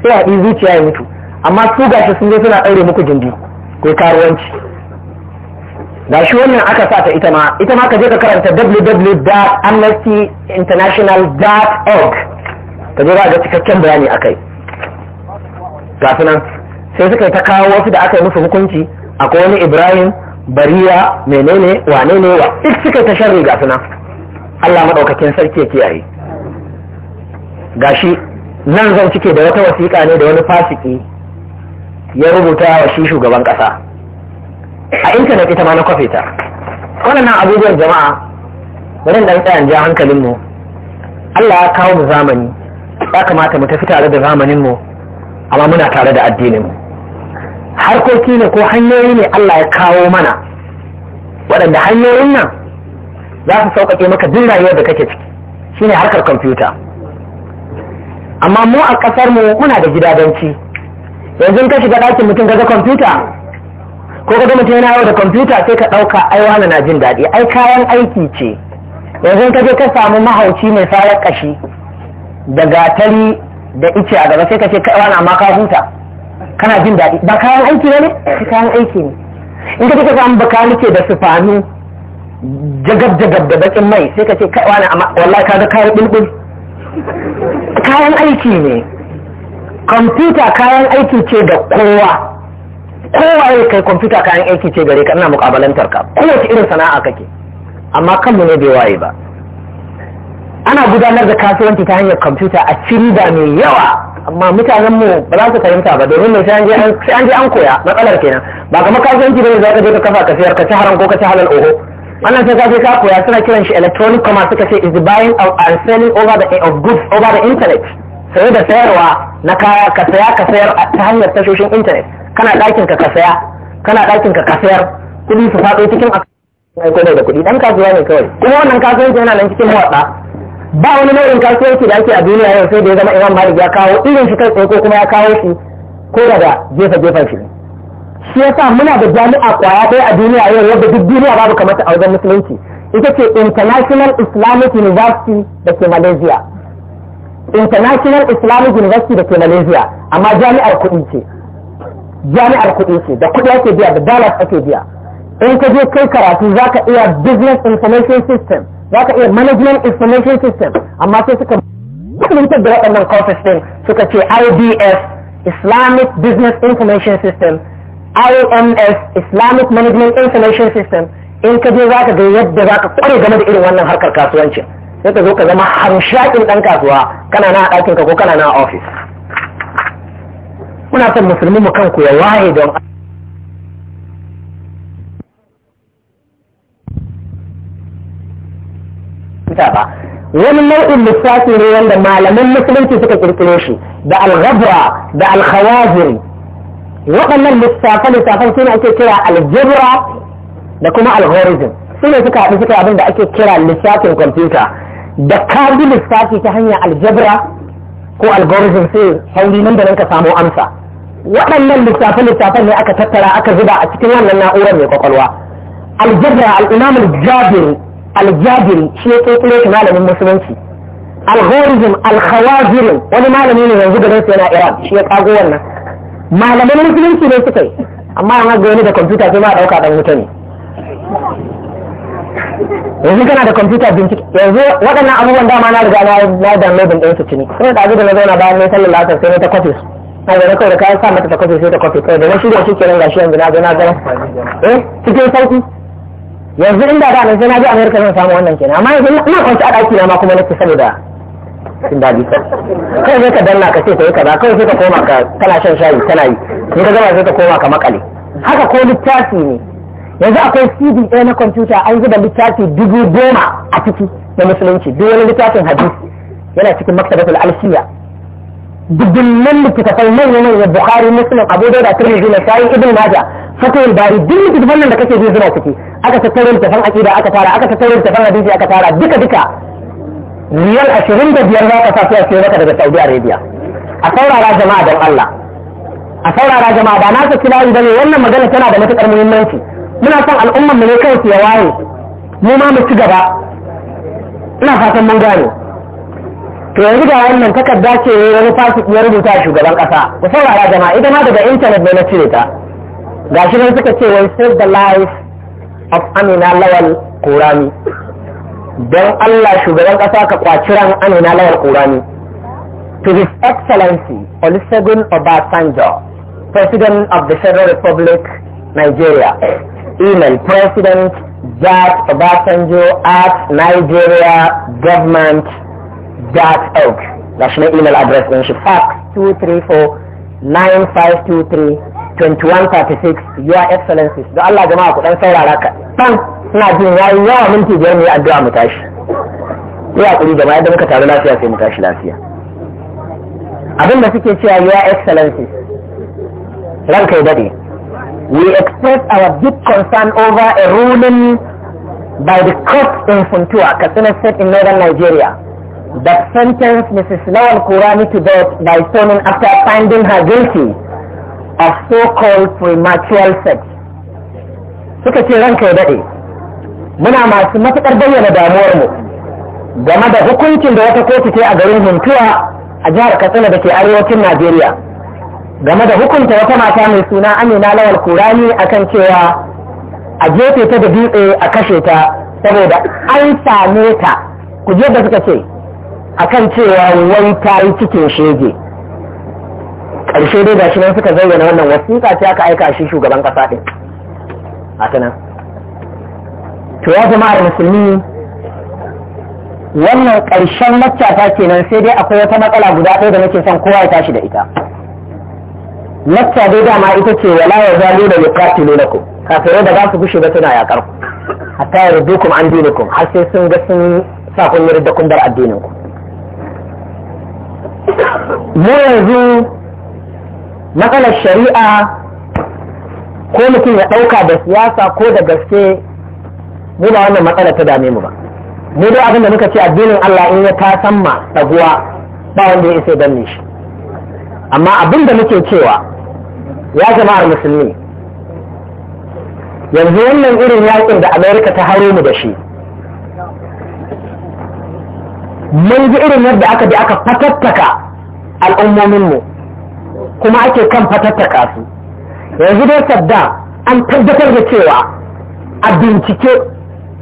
sai haɗi zuciya ya mutu amma su gashi sun je suna ɗaure muku jindi ko karuwanci ga shi wannan aka sa ta ita ma ita ma ka je ka karanta www.amnestyinternational.org ka je za ga cikakken bayani akai ga sunan sai suka yi ta kawo wasu da aka yi musu hukunci akwai wani ibrahim bariya menene wane ne wa duk suka ta sharri ga sunan allah maɗaukakin sarki ya kiyaye ga shi nan zan cike da wata wasiƙa ne da wani fasiki ya rubuta wa shi shugaban ƙasa a intanet ita ma na kwafe ta waɗannan abubuwan jama'a bari dan tsayan ja hankalin mu Allah ya kawo mu zamani ya kamata mu tafi tare da zamanin mu amma muna tare da addinin mu harkoki ne ko hanyoyi ne Allah ya kawo mana waɗanda hanyoyin nan za su sauƙaƙe maka duk rayuwar da kake ciki shine harkar kwamfuta amma mu a ƙasar mu muna da gidadanci yanzu ka shiga ɗakin mutum ga kwamfuta ko ka gama yana yau da kwamfuta sai ka ɗauka ai wani na jin daɗi ai kayan aiki ce yanzu ka je ka samu mahauci mai farar kashi da gatari da ice a gaba sai ka ce kai wani amma ka huta kana jin daɗi ba kayan aiki ne ne kayan aiki ne in ka je ka samu bakanike da sufanu jagab jagab da bakin mai sai ka ce kai wani amma wallahi ka ga kayan bulbul kayan aiki ne kwamfuta kayan aiki ce da kowa kowaye kai kwamfuta kayan aiki ce gare ka ina mukabalantar ka kowace irin sana'a kake amma kanmu ne bai waye ba ana gudanar da kasuwanci ta hanyar kwamfuta a cirida mai yawa amma mutanen mu ba za su fahimta ba domin mai sai an je an koya matsalar kenan ba kamar kasuwanci ne za ka je ka kafa ka sayar ka ci haram ko ka ci halal oho wannan sai ka je ka koya suna kiran shi electronic commerce suka ce is the buying of and selling over the of goods over the internet saye da sayarwa na kaya ka saya ka sayar ta hanyar tashoshin internet kana ɗakin ka ka saya kana ɗakin ka ka sayar kuɗi su faɗo cikin aiko da kuɗi dan kasuwa ne kawai kuma wannan kasuwanci yana nan cikin mawaɗa ba wani nau'in kasuwanci da ake a duniya yau sai da ya zama imam malik ya kawo irin shi kai tsaye ko kuma ya kawo shi ko daga gefe gefen shi shi yasa muna da jami'a kwaya ɗaya a duniya yau yadda duk duniya babu kamata a wajen musulunci ita ce international islamic university da ke malaysia international islamic university da ke malaysia amma jami'ar kuɗi ce jami'ar kuɗi ce da kuɗi ake biya da dollars ake biya in ka je kai karatu za ka iya business information system za ka iya management information system amma sai suka mutuntar da waɗannan courses ɗin suka ce IBS Islamic Business Information System IMS Islamic Management Information System in ka je za ka ga yadda za ka kware game da irin wannan harkar kasuwanci. sai ka zo ka zama hamshakin ɗan kasuwa kana na a ɗakinka ko kana na ofis kuna son musulmi mu kanku ya waye don ba wani nau'in lissafi ne wanda malaman musulunci suka kirkiro shi da al-ghabra da alkhawaziri waɗannan lissafan lissafan suna ake kira aljibra da kuma algorithm su ne suka haɗu suka abin da ake kira lissafin kwamfuta da kabi lissafi ta hanyar aljibra ko algorithm sai hauri nan da nan ka samo amsa waɗannan littafe-littafen ne aka tattara aka zuba a cikin wannan na'urar mai kwakwalwa aljabra al'imam aljabiri aljabiri shi ya kirkiro shi malamin musulunci alhorizm alhawazirin wani malami ne yanzu da nasu yana iran shi ya kago wannan malamin musulunci ne suka yi amma an ga wani da kwamfuta sai ma ɗauka ɗan wuta ne yanzu kana da kwamfuta bincike yanzu waɗannan abubuwan dama na riga na yi downloading ɗinsu tuni sai da abu da na zauna bayan mai sallar lasar sai na ta kwafe su a da kawai da kayan sa mata ta kwafi sai ta kwafi kawai da na shirya shi kenan gashi yanzu na zo na gana eh cikin sauki yanzu inda da nan sai na je amerika zan samu wannan kenan amma yanzu ina kwanci a ɗaki na ma kuma nake saboda jin daɗi kawai sai ka danna ka ce ta yi ba. kawai sai ka koma ka kana shan shayi kana yi in ka gama sai ka koma ka makale haka ko littafi ne yanzu akwai cd ɗaya na kwamfuta an zuba littafi dubu goma a ciki na musulunci duk wani littafin hadisi yana cikin maktabatul alfiya dubbilin littattafai manyan manyan bukari muslim abu da tirmidhi na shayi ibn majah fatul bari duk littattafan nan da kake ji suna ciki aka tattaro littattafan aqida aka tara aka tattaro littattafan hadisi aka tara duka duka riyal ashirin da biyar za ka sa a siyo maka daga saudi arabia a saurara jama'a don allah a saurara jama'a ba na ta kilayi bane wannan magana tana da matukar muhimmanci muna son al'ummar mu ne kawai ya waye mu ma mu ci gaba ina fatan mun gane to yanzu ga wannan takarda ce wani fasik ya rubuta shugaban kasa ku saurara jama'a ita ma daga intanet ne na cire ta gashi nan suka ce wai save the life of Amina Lawal Kurami don Allah shugaban kasa ka kwaci ran Amina Lawal Kurami to his excellency Olusegun Obasanjo president of the Federal Republic Nigeria email president Jack Obasanjo at Nigeria government fax.org ga shi na email address ɗin shi fax 234-9523-2136 your excellencies don Allah jama'a ku ɗan saurara ka ɗan suna jin yayi yawa minti biyar ne addu'a mu tashi ya hakuri jama'a yadda muka taru lafiya sai mu tashi lafiya abin da suke cewa your excellencies ran ya dade we express our deep concern over a ruling by the court in Funtua, Katsina State in northern Nigeria that sentenced Mrs. Lawal Kurani to death by stoning after finding her guilty of so-called premature sex. Suka ce ranka ya daɗe, muna masu matuƙar bayyana damuwarmu game da hukuncin da wata kotu ce a garin Huntuwa a jihar Katsina da ke arewacin Najeriya. Game da hukunta wata mata mai suna Amina Lawal Kurani akan cewa a jefe ta da dutse a kashe ta saboda an same ta ku je da suka ce akan cewa wani ta yi cikin shege ƙarshe dai gashi nan suka zayyana wannan wasiƙa ce aka aika shi shugaban ƙasa ɗin a tunan to ya a musulmi wannan ƙarshen matata kenan sai dai akwai wata matsala guda ɗaya da nake son kowa ya tashi da ita lacca dai dama ita ce wala ya zalo da yuqatilu ku? kafirai da za su gushe ba suna yakar ku hatta kuma an ku har sai sun ga sun sa kun yarda da kundar addinin ku mu yanzu matsalar shari'a ko mutum ya ɗauka da siyasa ko da gaske mu ba wannan matsalar ta dame mu ba mu dai abin muka ce addinin Allah in ya tasamma ɗaguwa ba wanda ya isa danne shi amma abin muke cewa ya jama'ar musulmi yanzu wannan irin yakin da amerika ta haro mu da shi mun ji irin yadda aka bi aka fatattaka al'ummominmu kuma ake kan fatattaka su yanzu dai sadda an tabbatar da cewa a bincike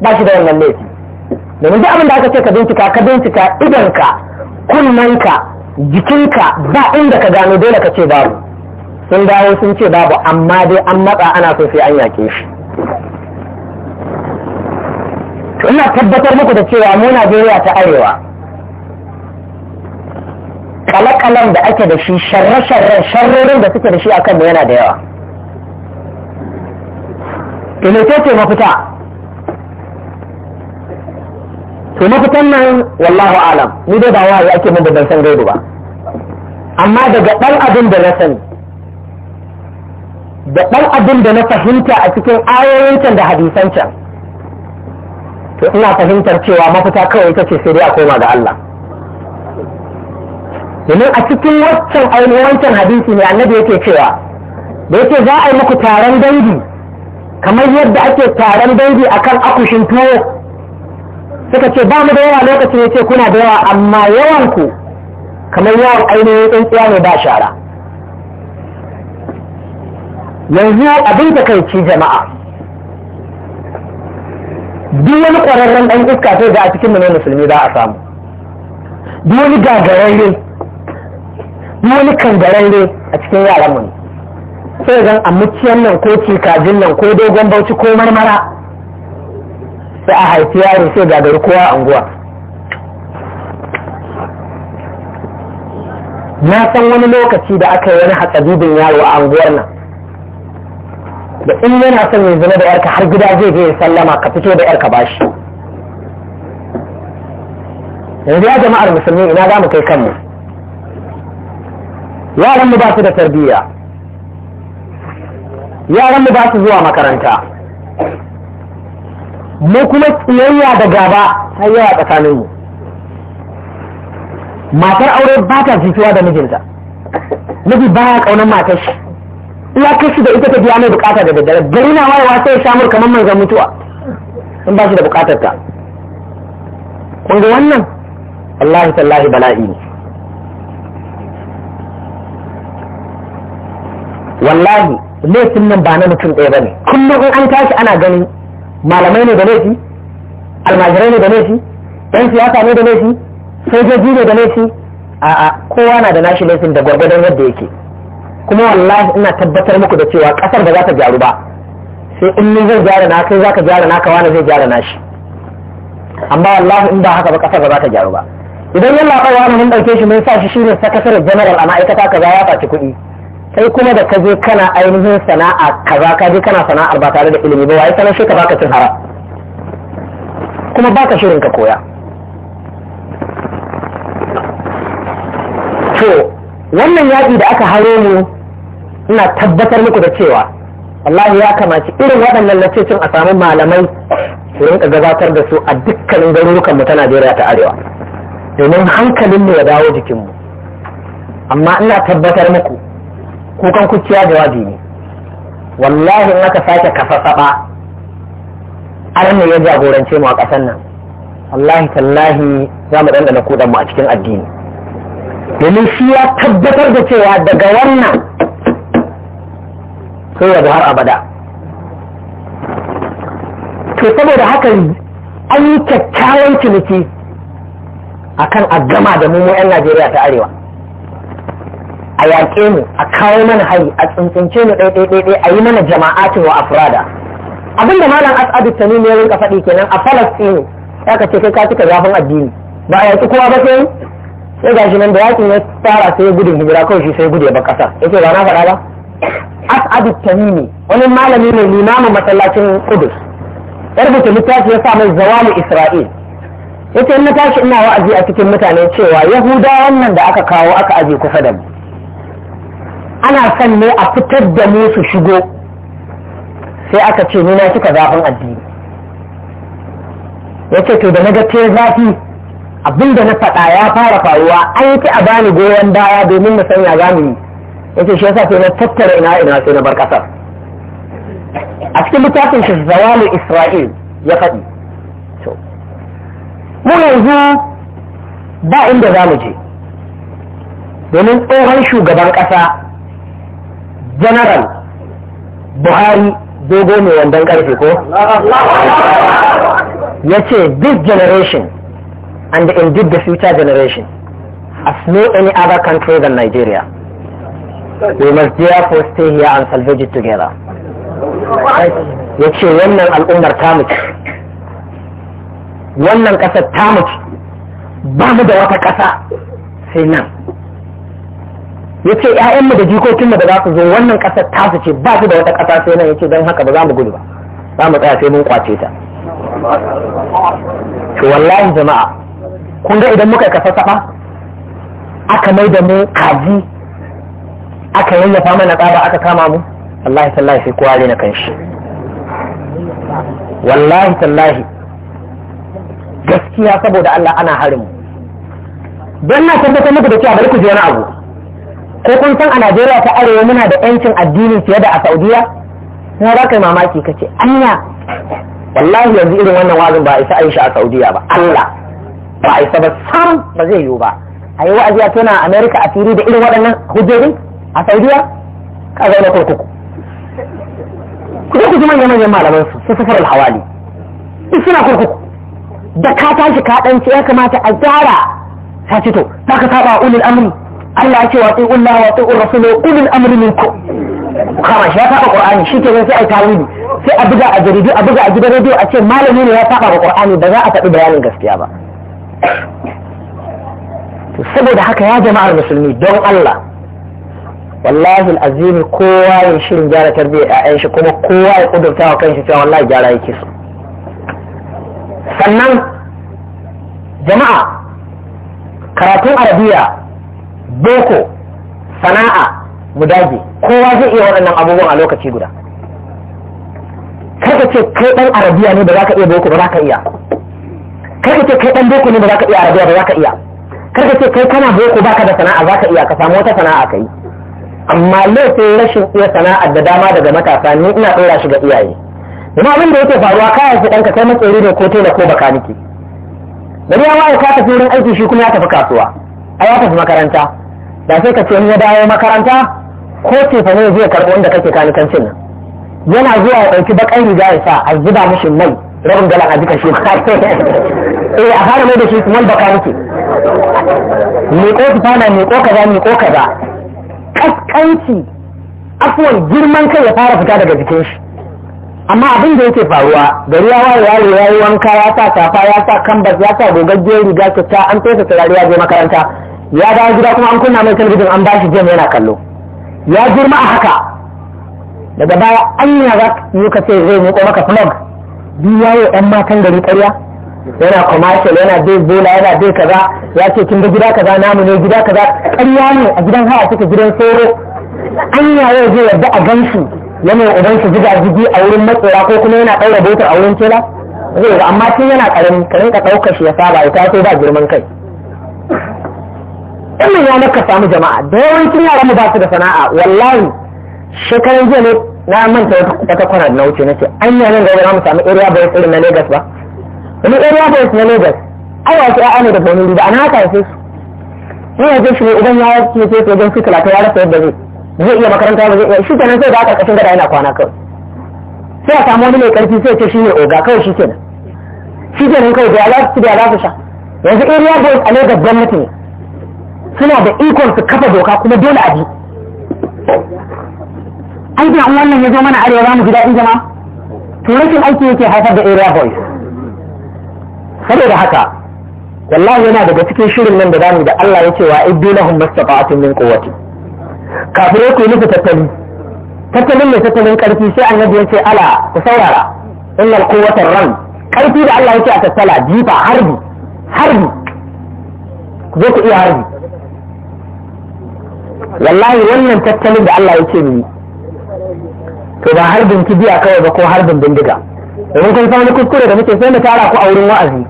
ba shi da wannan laifi domin duk abin da aka ce ka bincika ka bincika idanka kunnanka jikinka ba inda ka gano dole ka ce babu sun dawo sun ce babu amma dai an matsa ana so sai an yake shi ina tabbatar muku da cewa mu Najeriya ta arewa kalakalan da ake da shi sharre-sharren sharrorin da suke da shi akan yana da yawa to ce mafita to mafitan nan wallahu alam ni dai ba wahayi ake min da ban san gaidu ba amma daga ɗan abin da na sani da ɗan abin da na fahimta a cikin ayoyin da hadisan can to ina fahimtar cewa mafita kawai ita ce sai dai a koma ga Allah domin a cikin waccan ainihin wancan hadisi ne annabi yake cewa da yake za a yi muku taron dangi kamar yadda ake taron dangi akan akushin tuwo suka ce ba mu da yawa lokacin ya ce kuna da yawa amma yawanku kamar yawan ainihin tsintsiya ne ba shara yanzu abin da kai ci jama'a duk wani ƙwararren ɗan iska sai da a cikin mu ne musulmi za a samu duk wani gagararre wani kangararre a cikin yaran mu sai zan amuciyan nan ko cikajin nan ko dogon bauchi ko marmara sai a haifi yaro sai gagari kowa a unguwa na san wani lokaci da aka yi wani hatsabibin yaro a unguwar nan da in yana son yin zama da yarka har gida zai je ya sallama ka fito da yarka bashi yanzu ya jama'ar musulmi ina za mu kai kanmu yaran mu ba su da tarbiyya yaran mu ba su zuwa makaranta mu kuma tsiyayya da gaba har yawa tsakanin mu matar aure ba ta jituwa da mijinta miji ba ya kaunar matar shi iya kashi da ita ta biya mai bukata da daddare gari na wayewa sai shamur kamar manzan mutuwa in ba shi da bukatar ta kun ga wannan wallahi tallahi bala'i ne wallahi laifin nan ba na mutum ɗaya ba ne kullum in an tashi ana ganin malamai ne da laifi almajirai ne da laifi yan siyasa ne da laifi sojoji ne da laifi a'a kowa na da nashi laifin da gwargwadon yadda yake kuma wallahi ina tabbatar muku da cewa ƙasar ba za ta gyaru ba sai in ni zai gyara na kai za ka gyara na kawana zai gyara na shi amma wallahi in ba haka ba ƙasar ba za ta gyaru ba idan yalla kawai wani mun ɗauke shi mun sa shi shine sakataren general a ma'aikata kaza ya faci kuɗi kai kuma da ka je kana ainihin sana'a kaza ka je kana sana'ar ba tare da ilimi ba wai sanar shi ka baka cin haram kuma baka shirin ka koya to wannan yaƙi da aka haro mu ina tabbatar muku da cewa wallahi ya kamaci irin waɗannan na cin a samu malamai su rinka gabatar da su a dukkanin garurukan mu ta Najeriya ta Arewa domin hankalin mu ya dawo jikinmu amma ina tabbatar muku kukan kuciya jawabi ne wallahi in aka sake kafa saba arna ya jagorance mu a kasan nan wallahi tallahi za mu dandana kudan mu a cikin addini domin shi ya tabbatar da cewa daga wannan sai ya har abada to saboda haka an yi kyakkyawan ciniki akan a gama da mu 'yan najeriya ta arewa a yaƙe mu a kawo mana hari a tsuntsunce mu ɗaiɗaiɗaiɗai a yi mana jama'atin wa afrada abin da malam as'adu tani ne rinka faɗi kenan a falastini ya ka ce kai ka cika zafin addini ba a yaƙi kowa ba sai sai shi nan da yaƙin ya fara sai gudun hijira kawai shi sai gude ba ƙasa ce ba na faɗa ba as'adu ne wani malami ne limamin masallacin kudus Yar bata littafi ya sa mai zawalu isra'il Ya ce na tashi ina wa'azi a cikin mutane cewa yahudawan nan da aka kawo aka aje kusa da mu ana son ne a fitar da mu su shigo sai aka ce ni na kika zafin addini ya ce to da na ga zafi abinda na faɗa ya fara faruwa an ki a bani goyon baya domin na sanya za mu yi ya ce shi yasa sai na tattara ina ina sai na bar ƙasar a cikin littafin shi zawalu isra'il ya faɗi mu yanzu ba inda za mu je domin tsohon shugaban ƙasa general buhari dogo mai wandon karfe ko ya ce this generation and indeed the future generation as no any other country than nigeria we must therefore stay here and salvage it together ya ce wannan al'ummar ta mutu wannan ƙasar ta mutu ba mu da wata ƙasa sai nan yace ƴaƴanmu da jikokinmu da za su zo wannan ƙasar su ce ba su da wata ƙasa sai nan yace don haka ba za mu gudu ba za mu tsaya sai mun kwace ta to wallahi jama'a kun ga idan muka kasa saba aka mai da mu kaji aka yayyafa mana tsaba aka kama mu wallahi tallahi sai kowa na kanshi wallahi tallahi gaskiya saboda Allah ana harin mu don na tabbatar muku da cewa bari ku ji wani abu ko kun san a najeriya ta arewa muna da yancin addini fiye da a saudiya Na za ka yi mamaki ka ce anya wallahi yanzu irin wannan wazin ba a isa aisha a saudiya ba allah ba a isa ba sam ba zai yiwu ba a yi wa'azi a tona america a fili da irin waɗannan hujjoji a saudiya ka na kurkuku ku je ku ji manyan manyan malaman su su safar alhawali suna kurkuku da ka tashi ka ɗanci ya kamata a gyara ta to za ka saba ulil amri Allah ya ce wa tsi'un la wa tsi'un rasulu ulul amri minkum kama shi ya saba qur'ani shi ke sai ai tawili sai a buga a jaridu a buga a gidan rediyo a ce malami ne ya saba qur'ani ba za a faɗi bayanin gaskiya ba saboda haka ya jama'ar musulmi don Allah wallahi azimi kowa ya shirin gyara tarbiyyar ƴaƴan shi kuma kowa ya kudurta wa kanshi cewa wallahi gyara yake so sannan jama'a karatun arabiya boko sana'a mu kowa zai iya waɗannan abubuwan a lokaci guda kai ka ce kai ɗan arabiya ne ba za ka iya boko ba za ka iya kai ka ce kai ɗan boko ne ba za ka iya arabiya ba za ka iya kai ka ce kai kana boko ba ka da sana'a za ka iya ka samu wata sana'a ka yi amma laifin rashin iya sana'ar da dama daga matasa ni ina ɗora shi ga iyaye domin abin da yake faruwa kayan su ɗanka kai matsayi ne ko tela ko bakaniki da ya waye ka tafi wurin aiki shi kuma ya tafi kasuwa a ya tafi makaranta ba sai ka ce ya dawo makaranta ko ce fa ne zai karɓi wanda kake kancin nan yana zuwa ya ɗauki baƙar riga ya sa a zuba mishi mai rabin galan a jikin shi eh a fara mai da shi wani baka muke miƙo fitana miƙo kaza miƙo kaza kaskanci afuwan girman kai ya fara fita daga jikin shi amma abin da yake faruwa gari ya waye yaro ya yi wanka ya sa safa ya sa kambas ya sa gogaggiyar riga ta an fesa turare ya je makaranta ya dawo gida kuma an kunna mai talabijin an bashi game yana kallo ya girma a haka daga baya an yi za yi ka ce zai miƙo maka flog biyu ya yi ɗan matan gari karya yana commercial yana dai bola yana dai kaza ya ce kin ga gida kaza namu ne gida kaza ƙarya ne a gidan haya suka gidan soro an yi yawo zai yarda a ganshi yana uban shi jiga a wurin matsora ko kuma yana ɗaura botar a wurin tela zai amma tun yana ƙarami ka rinka ɗaukar shi ya saba ya sai ba girman kai wannan ya maka samu jama'a da yawancin yaran mu ba su da sana'a wallahi shekaran jiya ne na manta wata kwanar na wuce nace an yi nan gaba za mu samu area boys irin na Lagos ba kuma area boys na Lagos ai wasu ya ne da bonin riba ana haka sai su ne ya shi ne idan ya yi ce sai don su ta ya rasa yadda zai zai iya makaranta ba zai iya shi kenan sai da aka kashin gada yana kwana kawai sai a samu wani mai karfi sai ce shi ne oga kawai shi kenan shi kenan kawai da ya za su da ya za su sha yanzu area boys a Lagos gwamnati ne suna da ikon su kafa doka kuma dole a bi ai an wannan ya zo mana arewa za mu ji daɗin jama? to rashin aiki yake haifar da area boys saboda haka wallahi yana daga cikin shirin nan da zamu da Allah ya ce wa iddunahum mastafa'atun min quwwati Kafire ku nufi tattali tattalin mai tattalin karfi sai annabi ya ce ala ku saurara innal quwwata ran karfi da Allah ya ce a tattala jifa harbi harbi ku zo ku iya harbi wallahi wannan tattalin da Allah ya ce ni to ba harbin kibiya kawai ba ko harbin bindiga domin kun sani kuskure da muke sai mu tara ku a wurin wa'azi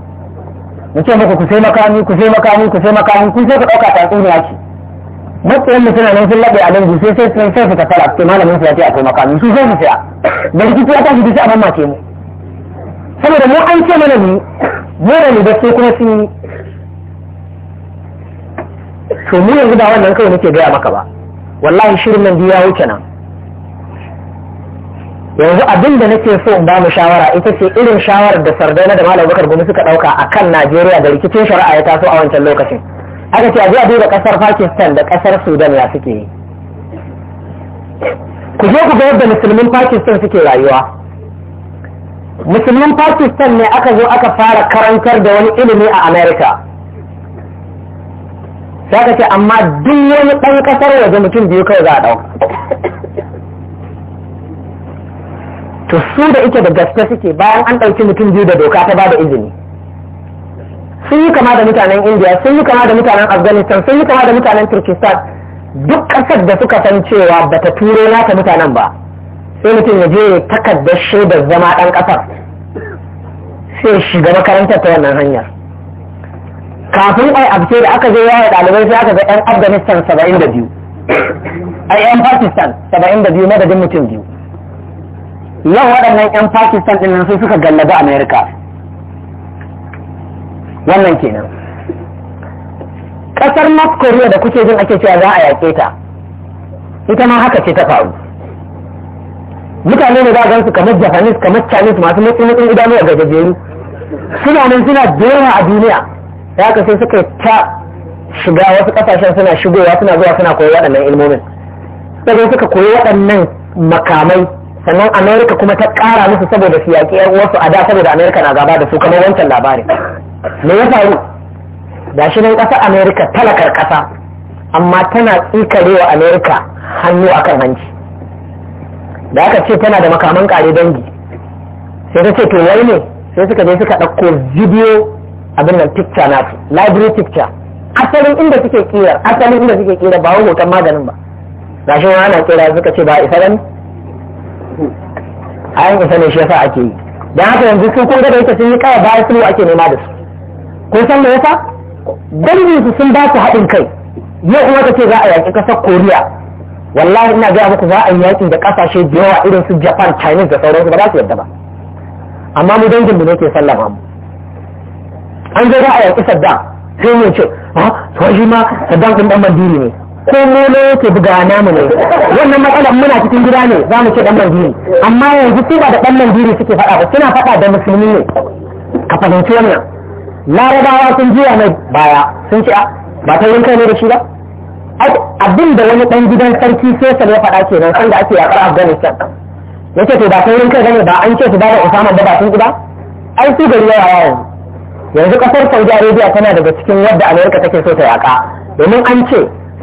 mu ce muku ku sai makami ku sai makami ku sai makami kun sai dauka ɗauka tsuni ce matsayin mu suna nan sun laɓe a nan sai sai sun sai su tattara su malamin su ya ce akwai makami su sai su saya da rikici ta tashi sai a ke mu saboda mu an ce mana ni mu da ni da sai kuma sun to mu yanzu ba wannan kawai nake gaya maka ba wallahi shirin nan biya wuce nan yanzu abin da nake so in ba mu shawara ita ce irin shawarar da sardaina da malam bakar gumi suka dauka a kan najeriya da rikicin shari'a ya taso a wancan lokacin aka ce a je a duba kasar pakistan da kasar sudan ya suke yi ku je ku ga yadda musulmin pakistan suke rayuwa musulmin pakistan ne aka zo aka fara karantar da wani ilimi a america sai ce amma duk wani ɗan ƙasar waje mutum biyu kawai za a ɗau to su da ike da gaske suke bayan an ɗauki mutum biyu da doka ta bada izini sun yi kama da mutanen india sun yi kama da mutanen afghanistan sun yi kama da mutanen turkistan duk ƙasar da suka san cewa ba ta turo nata mutanen ba sai mutum ya je ya takardar shaidar zama ɗan ƙasar sai shiga makarantar ta wannan hanyar kafin ai abce da aka ya yawa ɗalibai sai aka ga yan afghanistan saba'in da biyu ai yan pakistan saba'in da biyu madadin mutum biyu yau waɗannan yan pakistan ɗin nan sai suka gallaba amerika wannan kenan ƙasar north korea da kuke jin ake cewa za a yaƙe ta ita ma haka ce ta faru mutane ne za a su kamar japanese kamar chinese masu matsi matsin idanu a gajajjeru suna nan suna jera a duniya da haka sai suka ta shiga wasu kasashen suna shigowa suna zuwa suna koyi waɗannan ilmomin sai suka koyi waɗannan makamai sannan amerika kuma ta ƙara musu saboda su yaƙi yan wasu a da saboda amerika na gaba da su kamar wancan labarin me ya faru da shi nan ƙasa amerika talakar ƙasa amma tana tsikarewa amerika hannu akan hanci da aka ce tana da makaman ƙare dangi sai ta ce to wai ne sai suka je suka ɗauko bidiyo abin nan picture na su library picture asalin inda suke kira asalin inda suke kira ba wani hoton maganin ba ga shi ana kira suka ce ba isa ba ne a yin isa ne shi yasa ake yi don haka yanzu sun kun da yake sun yi kawai bayan sulhu ake nema da su kun san me yasa dangin su sun ba su haɗin kai yau kuma ce za a yaƙi ƙasar koriya wallahi ina gaya muku za a yi yaƙi da ƙasashe da yawa irin su japan chinese da sauransu ba za su yadda ba amma mu dangin mu ne ke sallama mu an zo za a yaƙi saddam sai mu ce a ah, to shi ma saddam ɗin ɗan mandiri ne ko molo yake buga namu ne wannan matsalar muna cikin gida ne za mu ce ɗan mandiri amma yanzu su ba da ɗan mandiri suke faɗa ba suna faɗa da musulmi ne ka fahimci wannan larabawa sun jiya mai baya sun ce ah, ba ta kai ne da shi ba abin da wani ɗan gidan sarki sai ya faɗa ke kenan sanda ake yaƙar afghanistan ce to ba saurin kai ne ba an ce su ba da Usama da ba sun gida ai su gari yawa yawa yanzu kasar saudi arabia tana daga cikin wadda amerika take so ta yaka domin an ce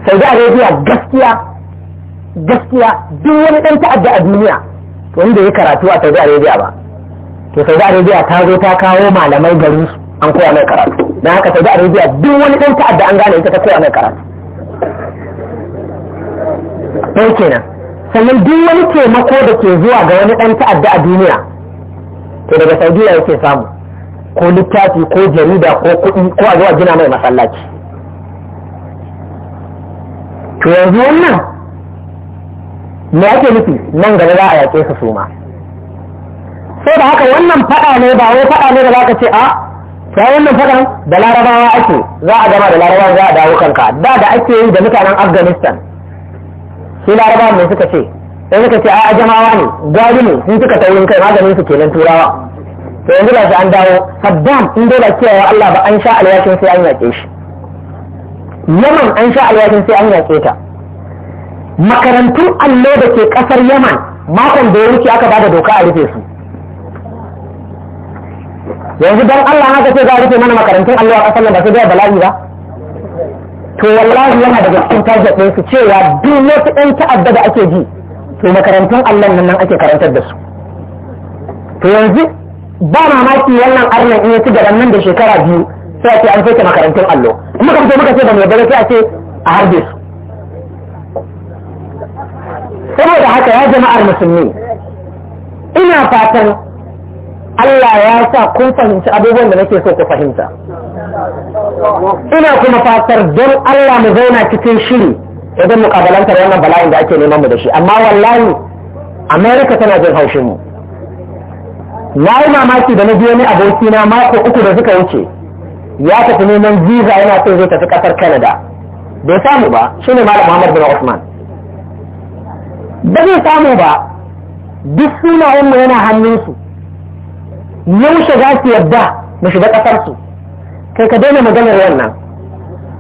saudi arabia gaskiya gaskiya duk wani dan ta'adda a duniya wanda ya karatu a saudi arabia ba to saudi arabia ta zo ta kawo malamai garin su an koya mai karatu na haka saudi arabia duk wani dan ta'adda an gane ita ta koya mai karatu to kenan sannan duk wani taimako da ke zuwa ga wani dan ta'adda a duniya to daga saudiya yake samu ko littafi ko jarida ko kuɗi ko a zuwa gina mai masallaci to yanzu wannan me ake nufi nan gaba za a yaƙe su su ma sai da haka wannan faɗa ne ba wai faɗa ne da za ka ce a ta wannan faɗan da larabawa ake za a gama da larabawa za a dawo kanka da da ake yi da mutanen afghanistan sai larabawa ne suka ce sai suka ce a jamawa ne gwari ne sun suka taurin kai maganin su kenan turawa to yanzu ba an dawo saddam in dole kiyaye wa Allah ba an sha alwashin sai an yaƙe shi yaman an sha alwashin sai an yaƙe ta makarantun allo da ke ƙasar yaman makon da ya wuce aka bada doka a rufe su yanzu don Allah haka ce za a rufe mana makarantun allo a ƙasar nan ba sai da bala'i ba to wallahi yana daga cikin target su cewa duk wasu ɗan ta'adda da ake ji to makarantun allon nan ake karantar da su to yanzu ba mamaki wannan arnan in ya ci nan da shekara biyu sai a ce an soke makarantun allo in muka fito muka ce ba mu yadda sai a ce a harbe su saboda haka ya jama'ar musulmi ina fatan Allah ya sa kun fahimci abubuwan da nake so ku fahimta ina kuma fatar don Allah mu zauna cikin shiri idan mukabalantar wannan bala'in da ake neman mu da shi amma wallahi Amerika tana jin haushin mu na yi mamaki da na biyo ni na mako uku da suka wuce ya tafi neman visa yana son zai tafi kasar canada bai samu ba shine malam muhammad bin usman bai samu ba duk suna mu yana hannunsu yaushe za su yadda mu shiga kasar kai ka daina maganar wannan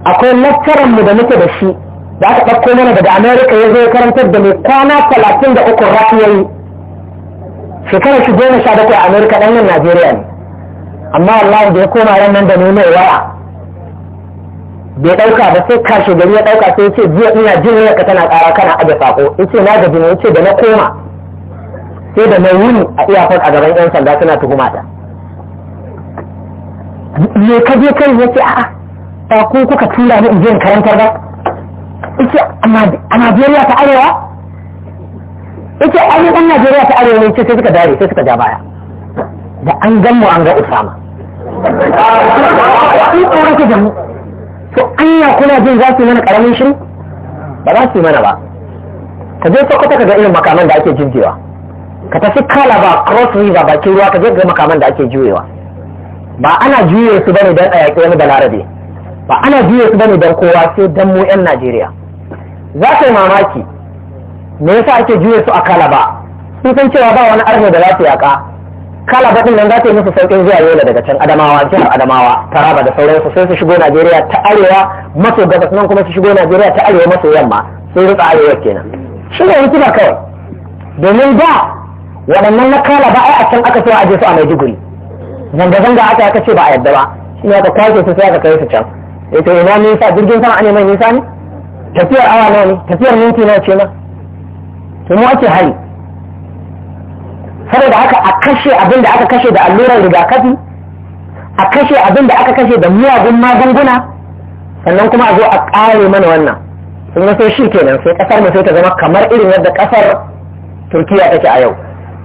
akwai lakkaran mu da muke da shi da aka ɗauko mana daga america ya zo karantar da mai kwana talatin da uku rafi shekarar shi goma sha bakwai a amurka ɗan yin najeriya ne amma wallahi da ya koma ran nan da ne mai waya bai ɗauka ba sai kashe gari ya ɗauka sai ce jiya ina jin wayar ka tana ƙara kana aje sako ce na gaji ya ce da na koma sai da na wuni a iyakar a gaban yan sanda suna tuhuma ta me ka je kai yace a'a ba ku kuka tura ni in je in karantar ba yace a Najeriya ta arewa ita ai dan Najeriya ta arewa ne sai suka dare sai suka ja baya da an gan mu an ga Usama jamu to anya kuna jin za su mana karamin shiru ba za su mana ba ka je Sokoto ka ga irin makaman da ake jinjewa ka tafi Calabar Cross River bakin ruwa ka je ga makaman da ake juyewa ba ana juye su bane don a yaƙi wani balarabe ba ana juye su bane dan kowa sai dan mu 'yan Najeriya za ka mamaki me yasa ake jure su a kalaba sun san cewa ba wani arzo da za su yaka kalaba din nan za ta yi musu sauƙin zuwa yola daga can adamawa jihar adamawa taraba da sauransu sai su shigo najeriya ta arewa maso gabas nan kuma su shigo najeriya ta arewa maso yamma sun rika arewa kenan shi ne hikima kawai domin da waɗannan na kalaba ai a can aka so a je su a maiduguri zanga-zanga aka aka ce ba a yadda ba shi ne aka kwace su sai aka kai su can ita eh, ina nisa jirgin sama a neman nisa ne tafiyar awa nawa ne tafiyar minti nawa ce na? to mu ake hari saboda haka a kashe abin da aka kashe da allurar rigakafi a kashe abin da aka kashe da miyagun magunguna sannan kuma a zo a ƙare mana wannan sun sai shi kenan sai ƙasar mu sai ta zama kamar irin yadda kasar turkiya take a yau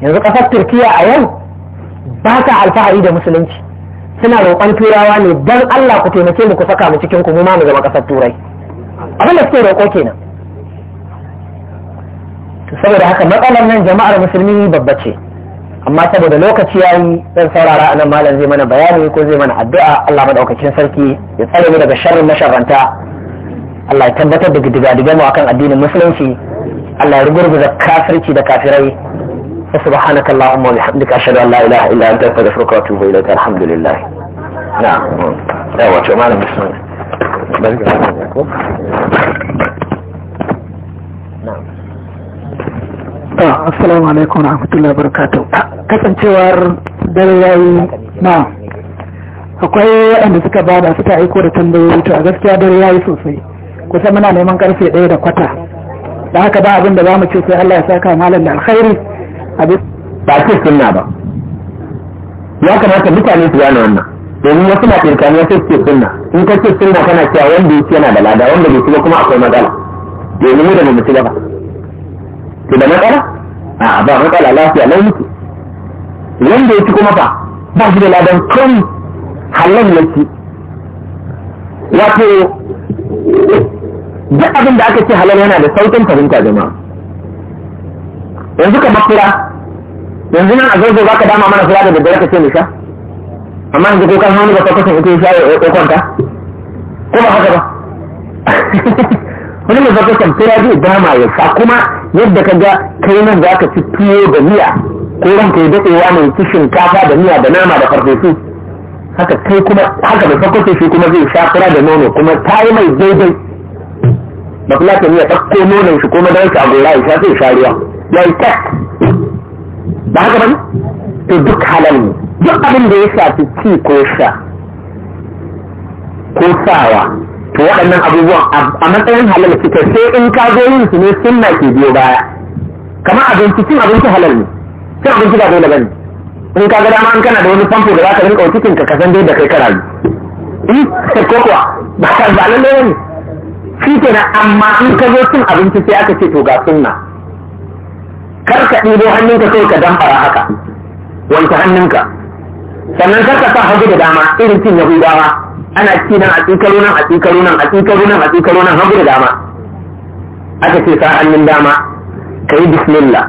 yanzu ƙasar turkiya a yau ba ta alfahari da musulunci suna roƙon turawa ne don allah ku taimake mu ku saka mu cikin ku mu ma mu zama kasar turai abin da suke roƙo kenan saboda haka matsalar nan jama'ar musulmi babba ce amma saboda lokaci yayi zan saurara anan malam zai mana bayani ko zai mana addu'a Allah madaukakin sarki ya tsare mu daga sharrin masharranta Allah ya tabbatar da gidiga mu akan addinin musulunci Allah ya rugurguza kafirci da kafirai سبحانك اللهم وبحمدك أشهد أن لا إله إلا أنت أستغفرك وأتوب إليك الحمد لله نعم يا وجمال بسم الله Ah, assalamu alaikum rahmatullahi barakatuh kasancewar dare yayi na akwai waɗanda suka ba da suka aiko da tambayoyi to a gaskiya dare yayi sosai kusan muna neman karfe ɗaya da kwata da haka ba abin da za mu ce sai Allah ya saka malam da alkhairi ba ce sunna ba ya kamata mutane su gane wannan domin wasu na tsirkaniya sai su ce sunna in ka ce sunna kana cewa wanda yake yana da lada wanda bai shiga kuma akwai matsala domin mu da mu ci ba ke da matsala a ba matsala lafiya lau mutu wanda ya ci kuma fa ba shi da ladan kan halon yanki. wato duk abin da aka ce halal yana da sautin fahimta jama'a yanzu ka bakura yanzu nan a zozo za ka dama mana fura da daddare ka ce mu sha amma yanzu ko hannu ba ta ita sha ya kwanta ko ba haka ba wani mai zaka kan ya zai dama ya sa kuma yadda ka ga kai nan za ka ci tuwo da miya ko ran ka yi daɗewa mai ci shinkafa da miya da nama da farfesu haka kai kuma haka mai sakwace shi kuma zai sha fura da nono kuma ta yi mai daidai ba kula ta miya ɗauko nonon shi ko madarar shi a gora ya sha zai sha ruwa ya yi tak ba haka bane to duk halal ne duk abin da ya shafi ci ko sha ko sawa to waɗannan abubuwan a matsayin halal suke sai in ka zo yin su ne sunna ke biyo baya kamar abinci cin abinci halal ne cin abinci ba dole bane in ka ga dama an kana da wani famfo da za ka rinka cikin ka kasan dai da kai ka yi in hmm? ko kuwa ba ka ba lalle ne. shi kenan amma in ka zo cin abinci sai aka ce to ga sunna kar ka ɗibo hannunka sai ka damfara haka wanke hannunka sannan kar ka sa hagu da dama irin cin yahudawa ana ci nan a tsikaro nan a tsikaro nan a tsikaro nan a tsikaro nan hagu da dama aka ce sa hannun dama ka yi bismillah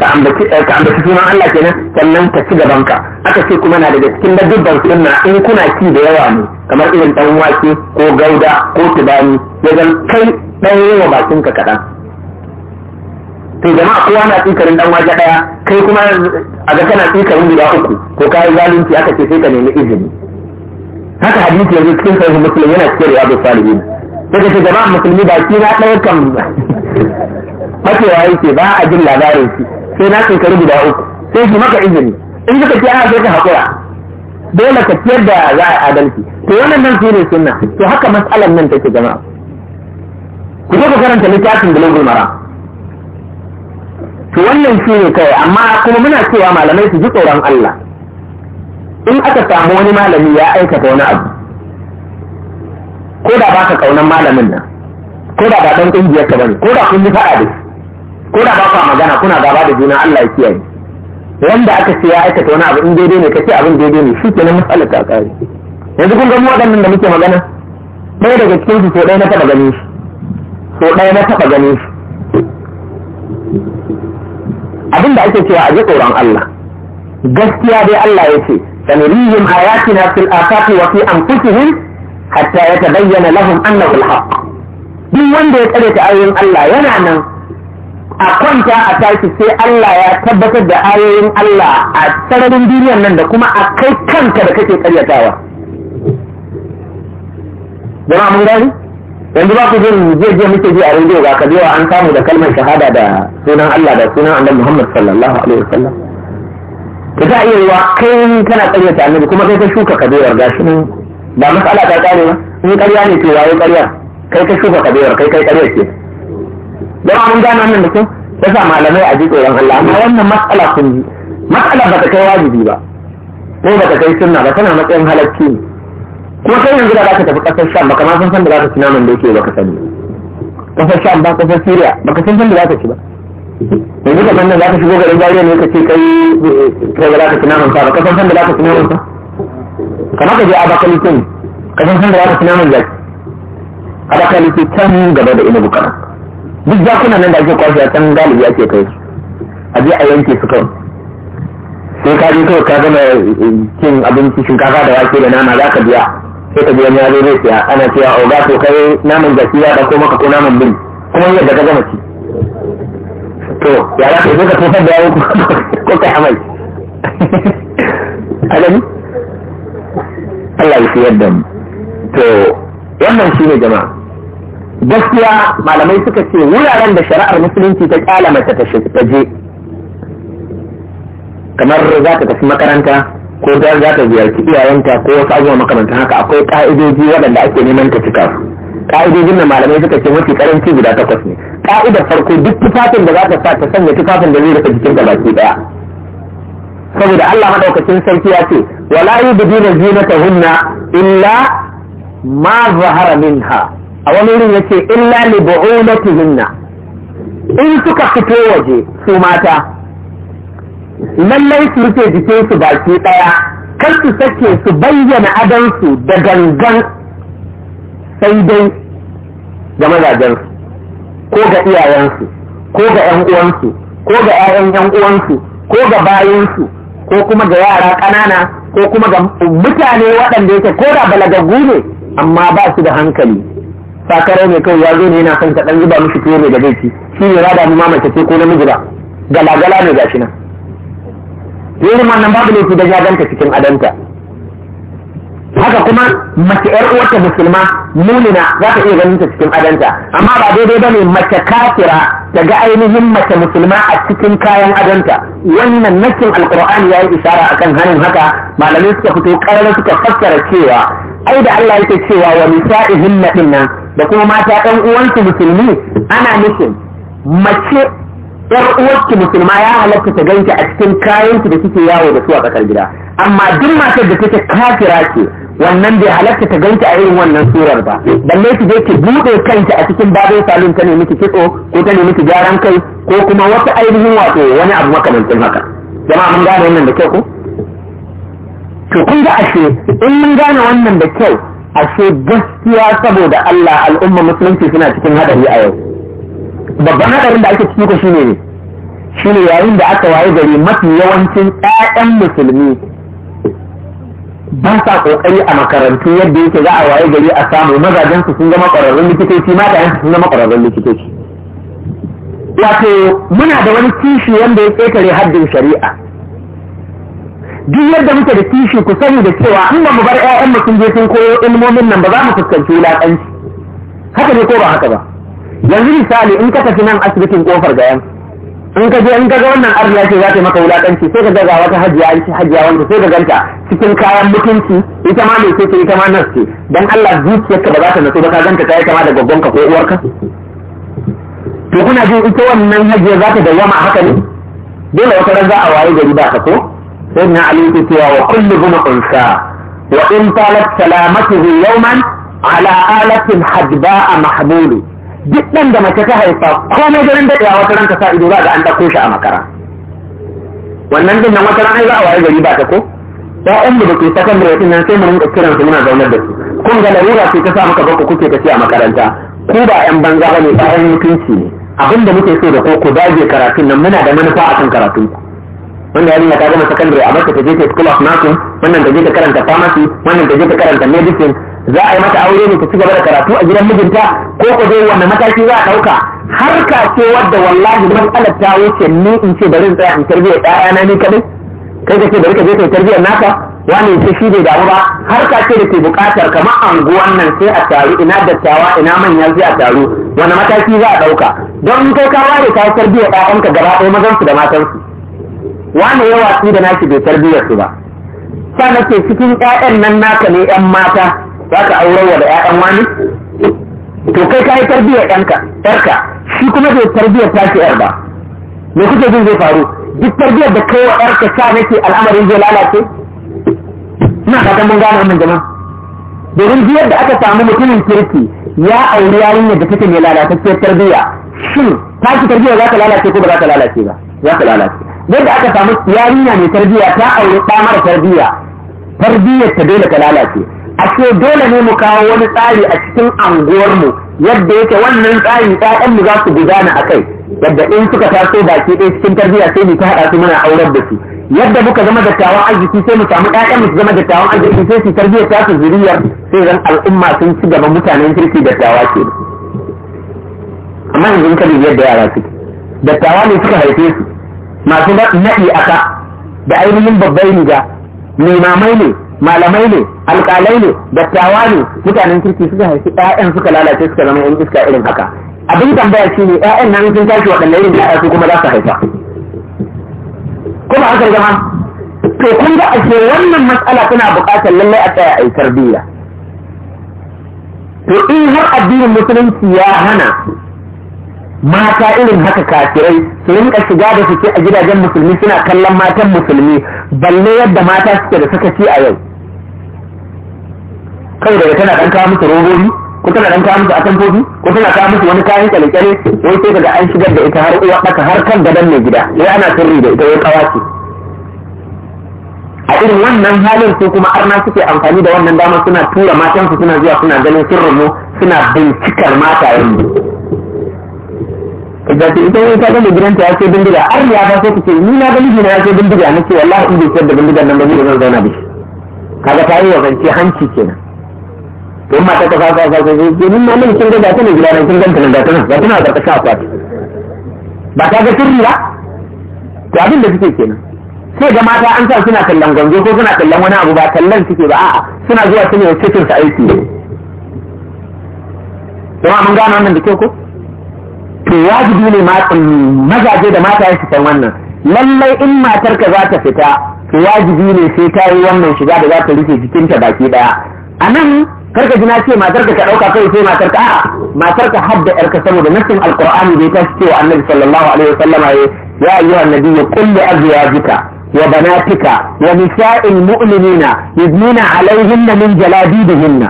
ka ambaci eh, ka ambaci sunan Allah kenan sannan ka ci gaban ka aka ce kuma na daga cikin dabban sunna in kuna ci da yawa ne kamar irin dan wake ko gauda ko tubani ya kai dan yawa bakin ka kadan to jama'a kowa na tsikarin dan waje daya kai kuma a ga kana tsikarin guda uku ko kai zalunci aka ce sai ka nemi izini haka hadisi yanzu cikin sahih muslim yana cikin riyadu salihin daga ce jama'a musulmi ba shi na ɗaya kan makewa yake ba a jin labarin shi sai na shekaru guda uku sai shi maka izini in suka ce ana ah, sai ka haƙura dole ka ciyar da za a adalci to wannan nan shi ne sunna to haka matsalar nan take jama'a ku je ku karanta littafin bulugul mara to wannan shi ne kai amma kuma muna cewa malamai su ji tsoron Allah in aka samu wani malami ya aikata wani abu ko da ba ka kaunan malamin nan ko da ba dan kungiyar ka bane ko da kun yi fada da ko da ba ka magana kuna gaba da juna Allah ya kiyaye wanda aka ce ya aikata wani abu in daidai ne kace abin daidai ne shi kenan matsalar ta kare yanzu kun ga mu waɗannan da muke magana ɗaya daga cikin su sai ɗaya na taɓa ganin shi so ɗaya na taɓa ganin shi abin da ake cewa a ji tsoron Allah gaskiya dai Allah ya ce سنريهم آياتنا في الآفاق وفي أنفسهم حتى يتبين لهم أنه الحق duk wanda ya tsare ta ayoyin Allah yana nan a kwanta a tashi sai Allah ya tabbatar da ayoyin Allah a sararin duniyar nan da kuma a kai kanka da kake karyatawa jama'a mun gani yanzu ba ku jin jiya muke ji a rediyo ga kabewa an samu da kalmar shahada da sunan Allah da sunan Annabi Muhammad sallallahu alaihi wasallam ka za a iya yiwa kai kana karyata annabi kuma kai ka shuka kabewar gashi ne ba matsala ta kare ba in karya ne ke wayo karya kai ka shuka kabewar kai kai karya ce jama'a mun gane wannan da kyau yasa malamai a ji tsoron Allah amma wannan matsala sun ji matsala ba ta kai wajibi ba ko ba ta kai sunna ba tana matsayin halacci ne kuma kai yanzu da zaka tafi kasar Sham ba kamar sun san da zaka ci naman da yake ba ka sani kasar Sham ba kasar Syria ba ka san da zaka ci ba yanzu ka da za ka shigo garin zariya ne ka ce kai kai da za ka tunanin mansa ba ka san san da za ka tunanin ka kamar ka je abakalikin ka san san da za ka a bakali abakaliki can gaba da ina kana duk zakuna nan da ake kwashe a can galibi ake kai a je a yanke su kawai sai ka je kawai ka gama eh, cin abinci shinkafa da wake da nama za ka biya sai ka biya ya zo zai siya ana cewa oga to kai naman jaki ya da ko maka ko naman bin kuma yadda ka gama ci to ya za ka yi tofar da ko amal Allah ya to wannan shi ne jama'a gaskiya malamai suka ce wuraren da shari'ar musulunci ta kyala mata ta je kamar za ta tafi makaranta ko za ta ziyarci iyayenta ko wasu abubuwa makamantan haka akwai ka'idoji waɗanda ake neman ta cika ka'idojin da malamai suka ce mafi karanci guda takwas ne ka'idar farko duk tufafin da za ta sa ta sanya tufafin da zai rufe jikin da baki daya saboda Allah madaukakin sarki ya ce wala yubdina zinatahunna illa ma zahara minha a wani wurin yace illa li bu'ulatihinna in suka fito waje su mata lallai su rufe jikinsu baki daya kar su sake su bayyana adansu da gangan sai dai ga mazajensu ko ga iyayensu ko ga 'yan uwansu ko ga 'ya'yan 'yan uwansu ko ga bayansu ko kuma ga yara ƙanana ko kuma ga mutane waɗanda yake ko da balagaggu ne amma ba su da hankali sakarai ne kawai ya zo ne yana son ka ɗan zuba mishi tuwo ne da zai ci shi ne rada mu ma ce ko namiji ba galagala ne gashi nan wannan babu laifi da ya ganta cikin adanta haka kuma mace yar uwarta musulma munina za ta iya ganin ta cikin adanta amma ba daidai ne mace kafira ta ga ainihin mace musulma a cikin kayan adanta wannan nakin ya yi isara akan hanin haka malamai suka fito karar suka fassara cewa ai da Allah yake cewa wa nisa'ihinna dinnan da kuma mata ɗan uwansu musulmi ana nufin mace yar uwarki musulma ya halatta ta ganta a cikin kayanki da suke yawo da su a ƙasar gida amma duk matar da take kafira ce wannan bai halatta ta ganta a irin wannan surar ba balle ki je ki bude kanta a cikin babin salon ta ne miki kitso ko ta ne miki gyaran kai ko kuma wata ainihin wato wani abu makamancin haka jama'a mun gane wannan da kyau ko to kun ga ashe in mun gane wannan da kyau ashe gaskiya saboda Allah al'umma musulunci suna cikin hadari a yau babban hadarin da ake ciki ko shine ne shine yayin da aka waye gari mafi yawancin ƴaƴan musulmi ba sa kokari a makarantu yadda yake za a waye gari a samu mazajen su sun zama ƙwararrun likitoci matayen su sun zama likitoci wato muna da wani kishi wanda ya ƙetare haddin shari'a duk yadda muke da kishi ku sani da cewa in ba mu bar ƴaƴanmu sun je sun koyo ilmomin nan ba za mu fuskanci wulaƙanci haka ne ko ba haka ba yanzu misali in ka tafi nan asibitin kofar gayan in ka je in ka ga wannan arziya ce za ta maka wulakanci sai ka ga ga wata hajiya an ci hajiya wanda sai ka ganta cikin kayan mutunci ita ma mai ce ita ma nas ce dan Allah zuciyarka ba za ta nasu ba ka ganta ta yi kama da gaggonka ko uwarka to kuna jin ita wannan hajiya za ta dawama haka ne dole wata ran za a waye gari ba ka ko sai na ali ta cewa wa kullu huma unsa wa in talat salamatuhu yawman ala alatin hadba'a mahmulu duk ɗan da mace ta haifa komai garin daɗewa wata ran sa ido za ga an ɗauko shi a makara wannan din nan wata ran za a waye gari ba ta ko ya mu da ke sakandare din nan sai mu rinka kiran su muna zaunar da su kun ga larura ce ta sa muka ku kuke tafi a makaranta Ku ba ƴan banza ba ne ƴaƴan mutunci ne abin muke so da ko ku dage karatun nan muna da manufa a kan karatun ku wanda yarinya ta gama sakandare a mata ta je ta school of nursing wannan ta je ta karanta pharmacy wannan ta je ta karanta medicine za a yi mata aure ne ta ci gaba da karatu a gidan mijinta ko ko dai wannan mataki za a ɗauka har ka ce wadda wallahi matsalar ta wuce ni in ce bari in tsaya in tarbiyyar ɗaya na ni kadai kai ka ce bari ka je yi tarbiyyar naka wani ce shi bai damu ba har ka ce da ke buƙatar kamar anguwan nan sai a taru ina dattawa ina manya sai a taru wani mataki za a ɗauka don in kai ka ware ka tarbiyyar ɗayanka gaba ɗaya mazan su da matansu wani yawa su da nashi bai tarbiyyar su ba sa ce cikin ƴaƴan nan naka ne yan mata za ka aurar wa da 'ya'yan wani to kai ka yi tarbiyyar ɗanka ɗarka shi kuma zai tarbiyyar tashi yar ba me kuke jin zai faru duk tarbiyyar da kai wa ɗarka sa nake al'amarin zai lalace ina fatan mun gane wannan jama'a domin biyar da aka samu mutumin kirki ya auri yarinyar da take mai lalatacciyar tarbiyya shin tashi tarbiyya za ta lalace ko ba za ta lalace ba za ta lalace yadda aka samu yarinya mai tarbiyya ta auri ɗa mara tarbiyya tarbiyyar ta dole ta lalace ashe dole ne mu kawo wani tsari a cikin anguwarmu yadda yake wannan tsari mu za su gudana a kai yadda in suka taso baki ɗaya cikin tarbiyya sai mu ta haɗa su muna aurar da su yadda muka zama dattawan arziki sai mu samu ɗayan mu zama dattawan arziki sai su tarbiyyar ta su zuriyar sai zan al'umma sun ci gaba mutanen kirki dattawa ke amma yanzu in kalli yadda yara suke dattawa ne suka haife su masu naɗi aka da ainihin babbar riga mai mamai ne malamai ne alƙalai ne dattawa ne mutanen kirki suka haifi ƴaƴan suka lalace suka zama yan iska irin haka abin tambaya shi ne ƴaƴan nan sun tashi waɗanne irin ƴaƴa su kuma za su haifa kuma haka gama, to kun ga ake wannan matsala tana buƙatar lallai a tsaya a yi tarbiyya to in har addinin musulunci ya hana mata irin haka kafirai su rinka shiga da suke a gidajen musulmi suna kallon matan musulmi balle yadda mata suke da sakaci a yau kai daga tana dan kawo musu robobi ko tana dan kawo musu atamfofi ko tana kawo musu wani kayan kyalekyale wai sai daga an shigar da ita har uwa haka har kan gadon mai gida sai ana sirri da ita wai kawace a irin wannan halin su kuma arna suke amfani da wannan dama suna tura matan su suna zuwa suna ganin sirrin mu suna bincikar matayen mu da ce ita wani kaga mai gidanta ya ce bindiga an ya ba sai ce ni na ga mijina ya ce bindiga na ce wallahi in bai sayar da bindigan nan ba ni da zan zauna da shi kaga ta yi wa zance hanci kenan don mata ta kawo kawo kawo domin mamin kin ga gata ne gida nan kin ganta nan gata nan gata nan a ƙarƙashin akwati ba ta ga sirri ba to abin da suke kenan sai ga mata an sa suna kallon gwanzo ko suna kallon wani abu ba kallon suke ba a'a suna zuwa su ne cikin su aiki ne jama'a mun gano wannan da kyau ko to wajibi ne um, mazaje da mata ya fitan wannan lallai in matarka za ta fita to wajibi ne sai ta yi wannan shiga da za ta rufe jikinta baki daya a nan karka ji na ce matar ka dauka kai sai matar ka a'a matar ka hadda yarka saboda nassin alqur'ani da ya tashi cewa annabi sallallahu alaihi wasallama ya ya ayyuhan nabiyyu qul li azwajika wa banatika wa nisa'il mu'minina yudnina alaihinna min jalabibihinna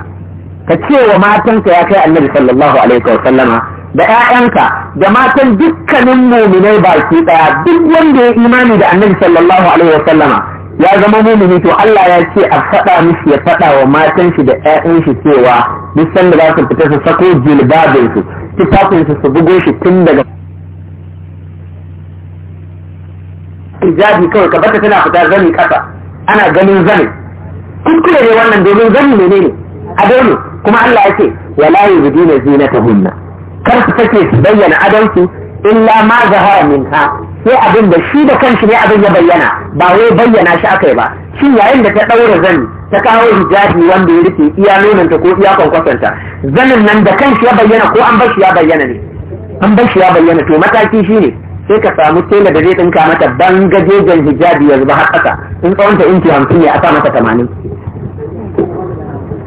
ka ce wa matanka ya kai annabi sallallahu alaihi wasallama da ƴaƴanka da matan dukkanin muminai baki ɗaya duk wanda ya imani da annabi sallallahu alaihi wasallama ya zama mumini to Allah ya ce a faɗa mishi ya faɗa wa matan shi da ƴaƴan shi cewa duk sanda za su fita su sako jilbabin su tufafin su su bugo shi tun daga hijabi kawai ka bata tana fita zani kasa ana ganin zani kuskure ne wannan domin zani ne ne ado ne kuma Allah ya ce wala zinata zinatahunna kar su take su bayyana adon su illa ma zahara minha sai abin da shi da kanshi ne abin ya bayyana ba wai bayyana shi aka yi ba shi yayin da ta ɗaura zani ta kawo hijabi wanda ya rike iya nonanta ko iya kwankwasanta zanin nan da kanshi ya bayyana ko an shi ya bayyana ne an shi ya bayyana to mataki shi ne sai ka samu tela da zai ɗinka mata bangajejen hijabi ya zuba har ƙasa in tsawonta inci hamsin ne a sa mata tamanin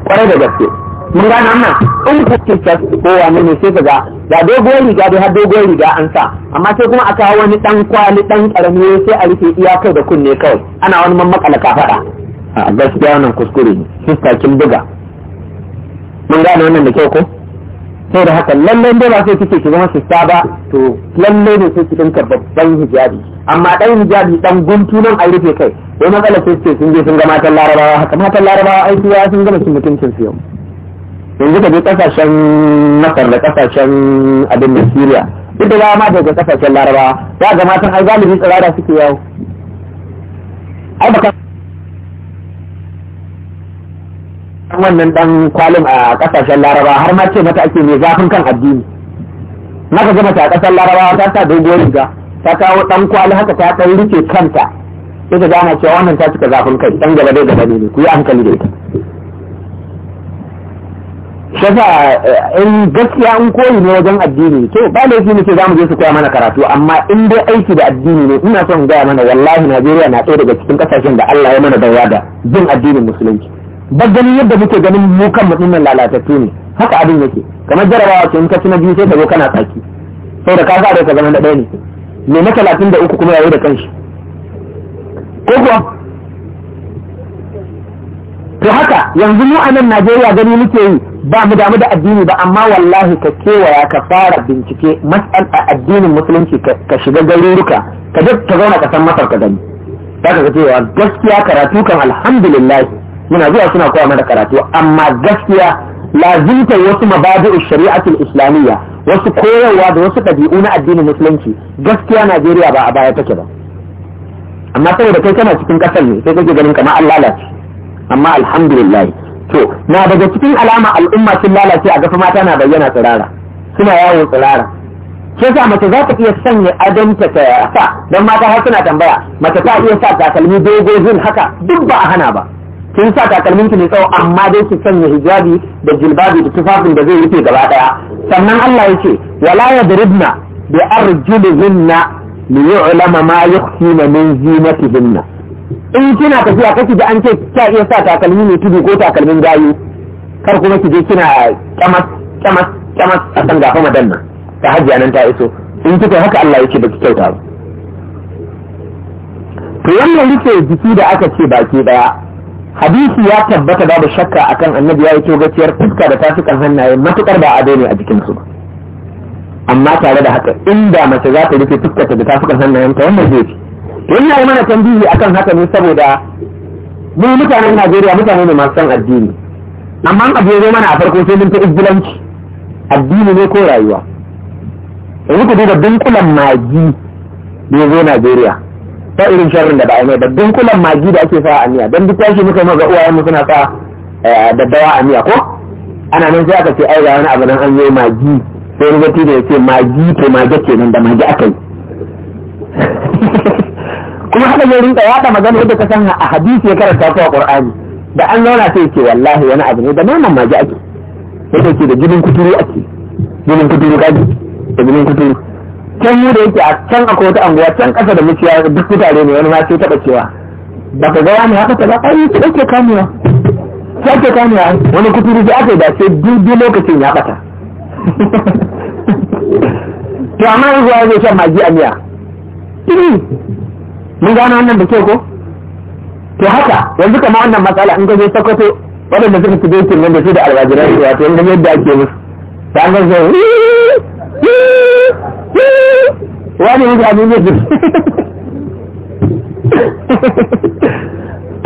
kwarai da gaske mun gane wannan in kuke ta kowa ne sai ka ga ga dogon riga dai har dogon riga an sa amma sai kuma a kawo wani dan kwali dan karami sai a rufe iyakar da kunne kawai ana wani mammakala kafada a gaskiya wannan kuskure ne sista kin buga mun gane wannan da kyau ko sai da haka lalle dai ba sai kike ki zama sista ba to lalle ne sai kike dinka babban hijabi amma dan hijabi dan guntu nan a rufe kai wai matsala sai sun je sun ga matan larabawa haka matan larabawa ai sun gama cin mutuncin su yau yanzu ka je kasashen masar da kasashen abin da siriya duk da ma daga kasashen laraba za ga matan ai galibi tsirara suke yawo ai baka wannan dan kwalin a kasashen laraba har ma ce mata ake mai zafin kan addini ka ga mata a kasar laraba ta ta doguwar riga ta kawo dan kwali haka ta dan rike kanta ita ka gana cewa wannan ta cika zafin kai dan gaba dai gaba ne ku yi hankali da ita shafa eh, in gaskiya an koyi ne wajen addini to ba da muke za mu je su koya mana karatu amma in dai aiki da addini ne ina son gaya mana wallahi najeriya na ɗaya daga cikin kasashen da allah ya mana dawa da jin addinin musulunci ba ganin yadda muke ganin mu kan nan lalatattu ne haka abin yake kamar jarabawa ce in ka ci na biyu sai ka zo kana tsaki sau da ka sa ka zama na ɗaya ne me na talatin da uku kuma yayi da kanshi ko kuwa to haka yanzu mu a nan Najeriya gani muke yi ba mu damu da addini ba amma wallahi ka kewaya ka fara bincike mas'al a addinin musulunci ka shiga garuruka ka je ka zauna ka san masar ka gani za ka cewa gaskiya karatu kan alhamdulillah muna zuwa suna koya mana karatu amma gaskiya lazimta wasu mabadi'u shari'atul islamiyya wasu koyarwa da wasu ɗabi'u na addinin musulunci gaskiya Najeriya ba a baya take ba amma saboda kai kana cikin ƙasar ne sai kake ganin kamar Allah lalace amma alhamdulillah to na daga cikin alama al'umma sun lalace a gafa mata na bayyana tsirara suna yawo tsirara ke sa mace za ta iya sanya adanta ta sa don mata har suna tambaya mace ta iya sa takalmi zin haka duk ba a hana ba kin sa takalmin ki ne tsawo amma dai ki sanya hijabi da jilbabi da tufafin da zai rufe gaba daya sannan Allah ya ce wala yadribna bi arjulihinna li yu'lama ma yukhfina min zinatihinna in kina tafiya kake da an ce kya iya sa takalmi ne tudu ko takalmin gayu kar kuma ki je kina kamas kamas kamas a kan gafa madanna ta hajji nan ta iso in kika haka Allah yake baki kyauta ba to wannan yake jiki da aka ce baki daya hadisi ya tabbata babu shakka akan annabi ya yi kyogaciyar fuska da tafukan hannaye matukar ba ado ne a jikinsu ba amma tare da haka inda mace za ta rufe fuskarta da hannayen hannayenta wannan zai wani ina yi mana tambihi akan haka ne saboda mu mutanen Najeriya mutane ne masu san addini amma abu ya zo mana a farko sai mun ta ibulanci addini ne ko rayuwa yanzu ku duba dunkulan magi da ya zo Najeriya ta irin sharrin da ba a mai da dunkulan magi da ake sa a miya don duk yashi muka maga uwayenmu suna sa eh, daddawa a miya ko ana nan sai aka ce ai ga wani abu nan an yi magi sai wani da ya ce magi to mage kenan da mage aka yi kuma haka zai rinka yaɗa magana yadda ka san a hadisi ya karanta ko a qur'ani da an zauna sai ce wallahi wani abu ne da naman maji ake yadda ke da jinin kuturu ake jinin kuturu kaji da jinin kuturu can yi da yake a can a wata anguwa can kasa da muciya duk mutane ne wani ma sai taba cewa ba ka gaya ne haka ta ba ai ki ake kamewa ki ɗauke kamewa wani kuturu sai aka yi da sai duk lokacin ya bata to amma yanzu ya zo shan magi a miya mun gano wannan da ke ko to haka yanzu kama wannan matsala in gaje sakwato waɗanda suka fi dokin wanda su da alwajiran su wato yadda ake musu ta an gaza wani yanzu abin yadda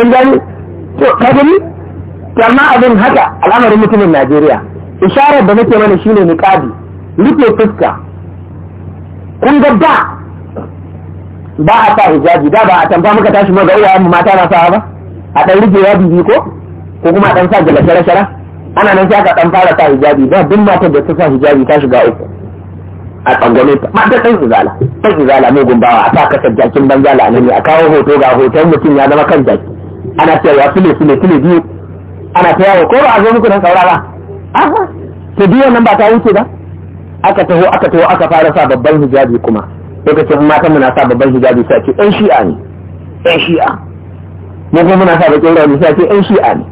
in gani to to amma abin haka al'amarin mutumin najeriya isharar da nake mana shine niqabi rufe fuska kun ga ba a sa hijabi da ba a tamfa muka tashi ma ga uwayen mu mata na sawa ba a dan rige ya bibi ko ko kuma a dan sa gala shara shara ana nan sai aka dan fara sa hijabi ba duk matan da ta sa hijabi ta shiga uku a tsangwame ta mata ɗan izala ɗan izala mai gumbawa a sa kasar jakin banza ne a kawo hoto ga hoton mutum ya zama kan jaki ana cewa sule sule sule biyu ana ta yawo ko ba a zo muku nan saurara, ba aha to biyan nan ba ta wuce ba aka taho aka taho aka fara sa babban hijabi kuma lokacin matan muna sa babban hijabi sai ce ɗan shi'a ne ɗan shi'a mu kuma muna sa baƙin rauni sai ce ɗan shi'a ne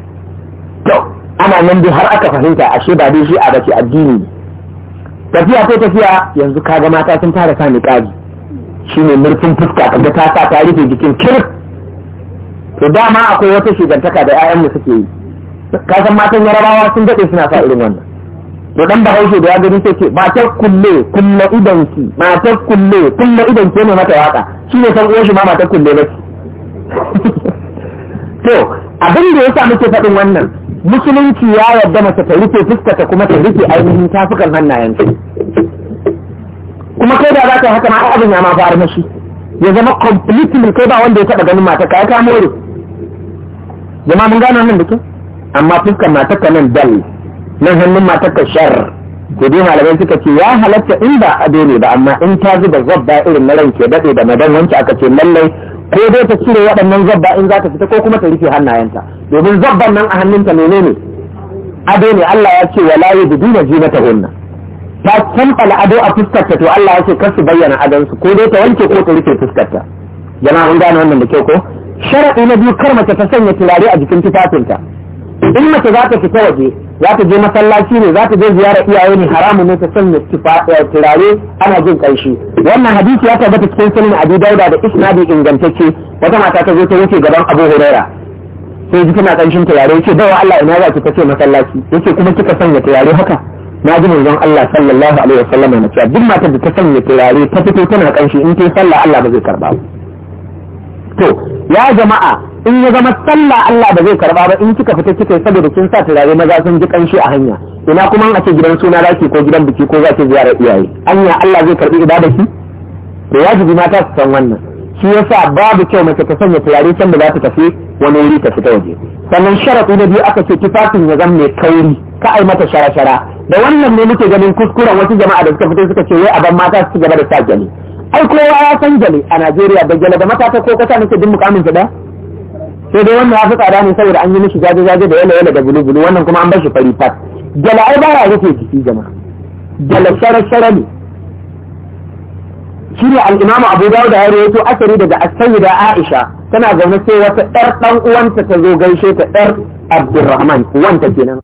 to ana nan dai har aka fahimta ashe ba dai shi'a ba ce addini tafiya ko tafiya yanzu kaga mata sun fara sa Shi ne murfin fuska ga ta sa ta rufe jikin kirk to dama akwai wata shugantaka da 'ya'yanmu suke yi kasan matan yarabawa sun daɗe suna sa irin wannan to dan bahaushe da ya gani sai ce ta kulle kulle idan ki ta kulle kulle idan ki ne mata waka shi ne san uwar shi ma ta kulle ba to abin da yasa muke faɗin wannan musulunci ya yarda mace ta rufe ta kuma ta rufe ainihin tafukan ta kuma kai da za ta haka ma abin ya ma fara mashi ya zama completely kai ba wanda ya taɓa ganin mata ka ya kamo jama'a mun gano nan da ke amma fuskar matar ta nan dal na hannun matar ka shar to dai malamai suka ce ya halatta in ba ado ne ba amma in ta zuba zabba irin na ranke daɗe da madan wanci aka ce lallai ko dai ta cire waɗannan zabba in za ta fita ko kuma ta rufe hannayenta domin zabban nan a hannunta menene ado ne Allah ya ce wala yudina jima ta kamfala ado a fuskarta to Allah ya ce kar su bayyana adonsu ko dai ta wanke ko ta rufe fuskarta jama'a an gane wannan da kyau ko sharaɗi na biyu kar mace ta sanya turare a jikin tufafinta in mace za ta fita waje za ta je masallaci ne za ta je ziyara iyaye ne haramun ne ta sanya eh, turare ana jin ƙanshi wannan hadisi ya tabbata cikin sunan abu dauda da isnadi ingantacce wata mata ta zo ta wuce gaban abu huraira sai ji tana ƙanshin turare yace dawa Allah ina za ki kace masallaci yace kuma kika sanya turare haka na ji manzon Allah sallallahu alaihi wasallam na cewa duk matar da ta sanya turare ta fito tana ƙanshi in ta sallah Allah ba zai karba ba to ya jama'a in ya zama sallah Allah ba zai karba ba in kika fita kika saboda kin sa turare maza sun ji kanshi a hanya ina kuma a ce gidan suna zaki ko gidan biki ko zaki ziyarar iyaye anya Allah zai karbi ibada ki. to wajibi mata su san wannan shi yasa babu kyau mace ta sanya turare can da za ta tafi wani wuri ta fita waje sannan sharafi na biyu aka ce tufafin ya zama mai kauri ka ai mata shara-shara da wannan ne muke ganin kuskuren wasu jama'a da suka fito suka ce wai a ban mata su gaba da sa gani ai kowa ya san gale a Najeriya da gale da matata ko kasa nake din mukamin ta da sai dai wannan ya fi tsada ne saboda an yi mishi jaje jaje da yala yala da bulu bulu wannan kuma an bar shi fari fat gale ai baya rufe jiki jama'a gale shara shara ne shi ne al-Imam Abu da ya rawaito asari daga as da Aisha tana zaune sai wata ɗar ɗan uwanta ta zo gaishe ta ɗar Abdulrahman uwanta kenan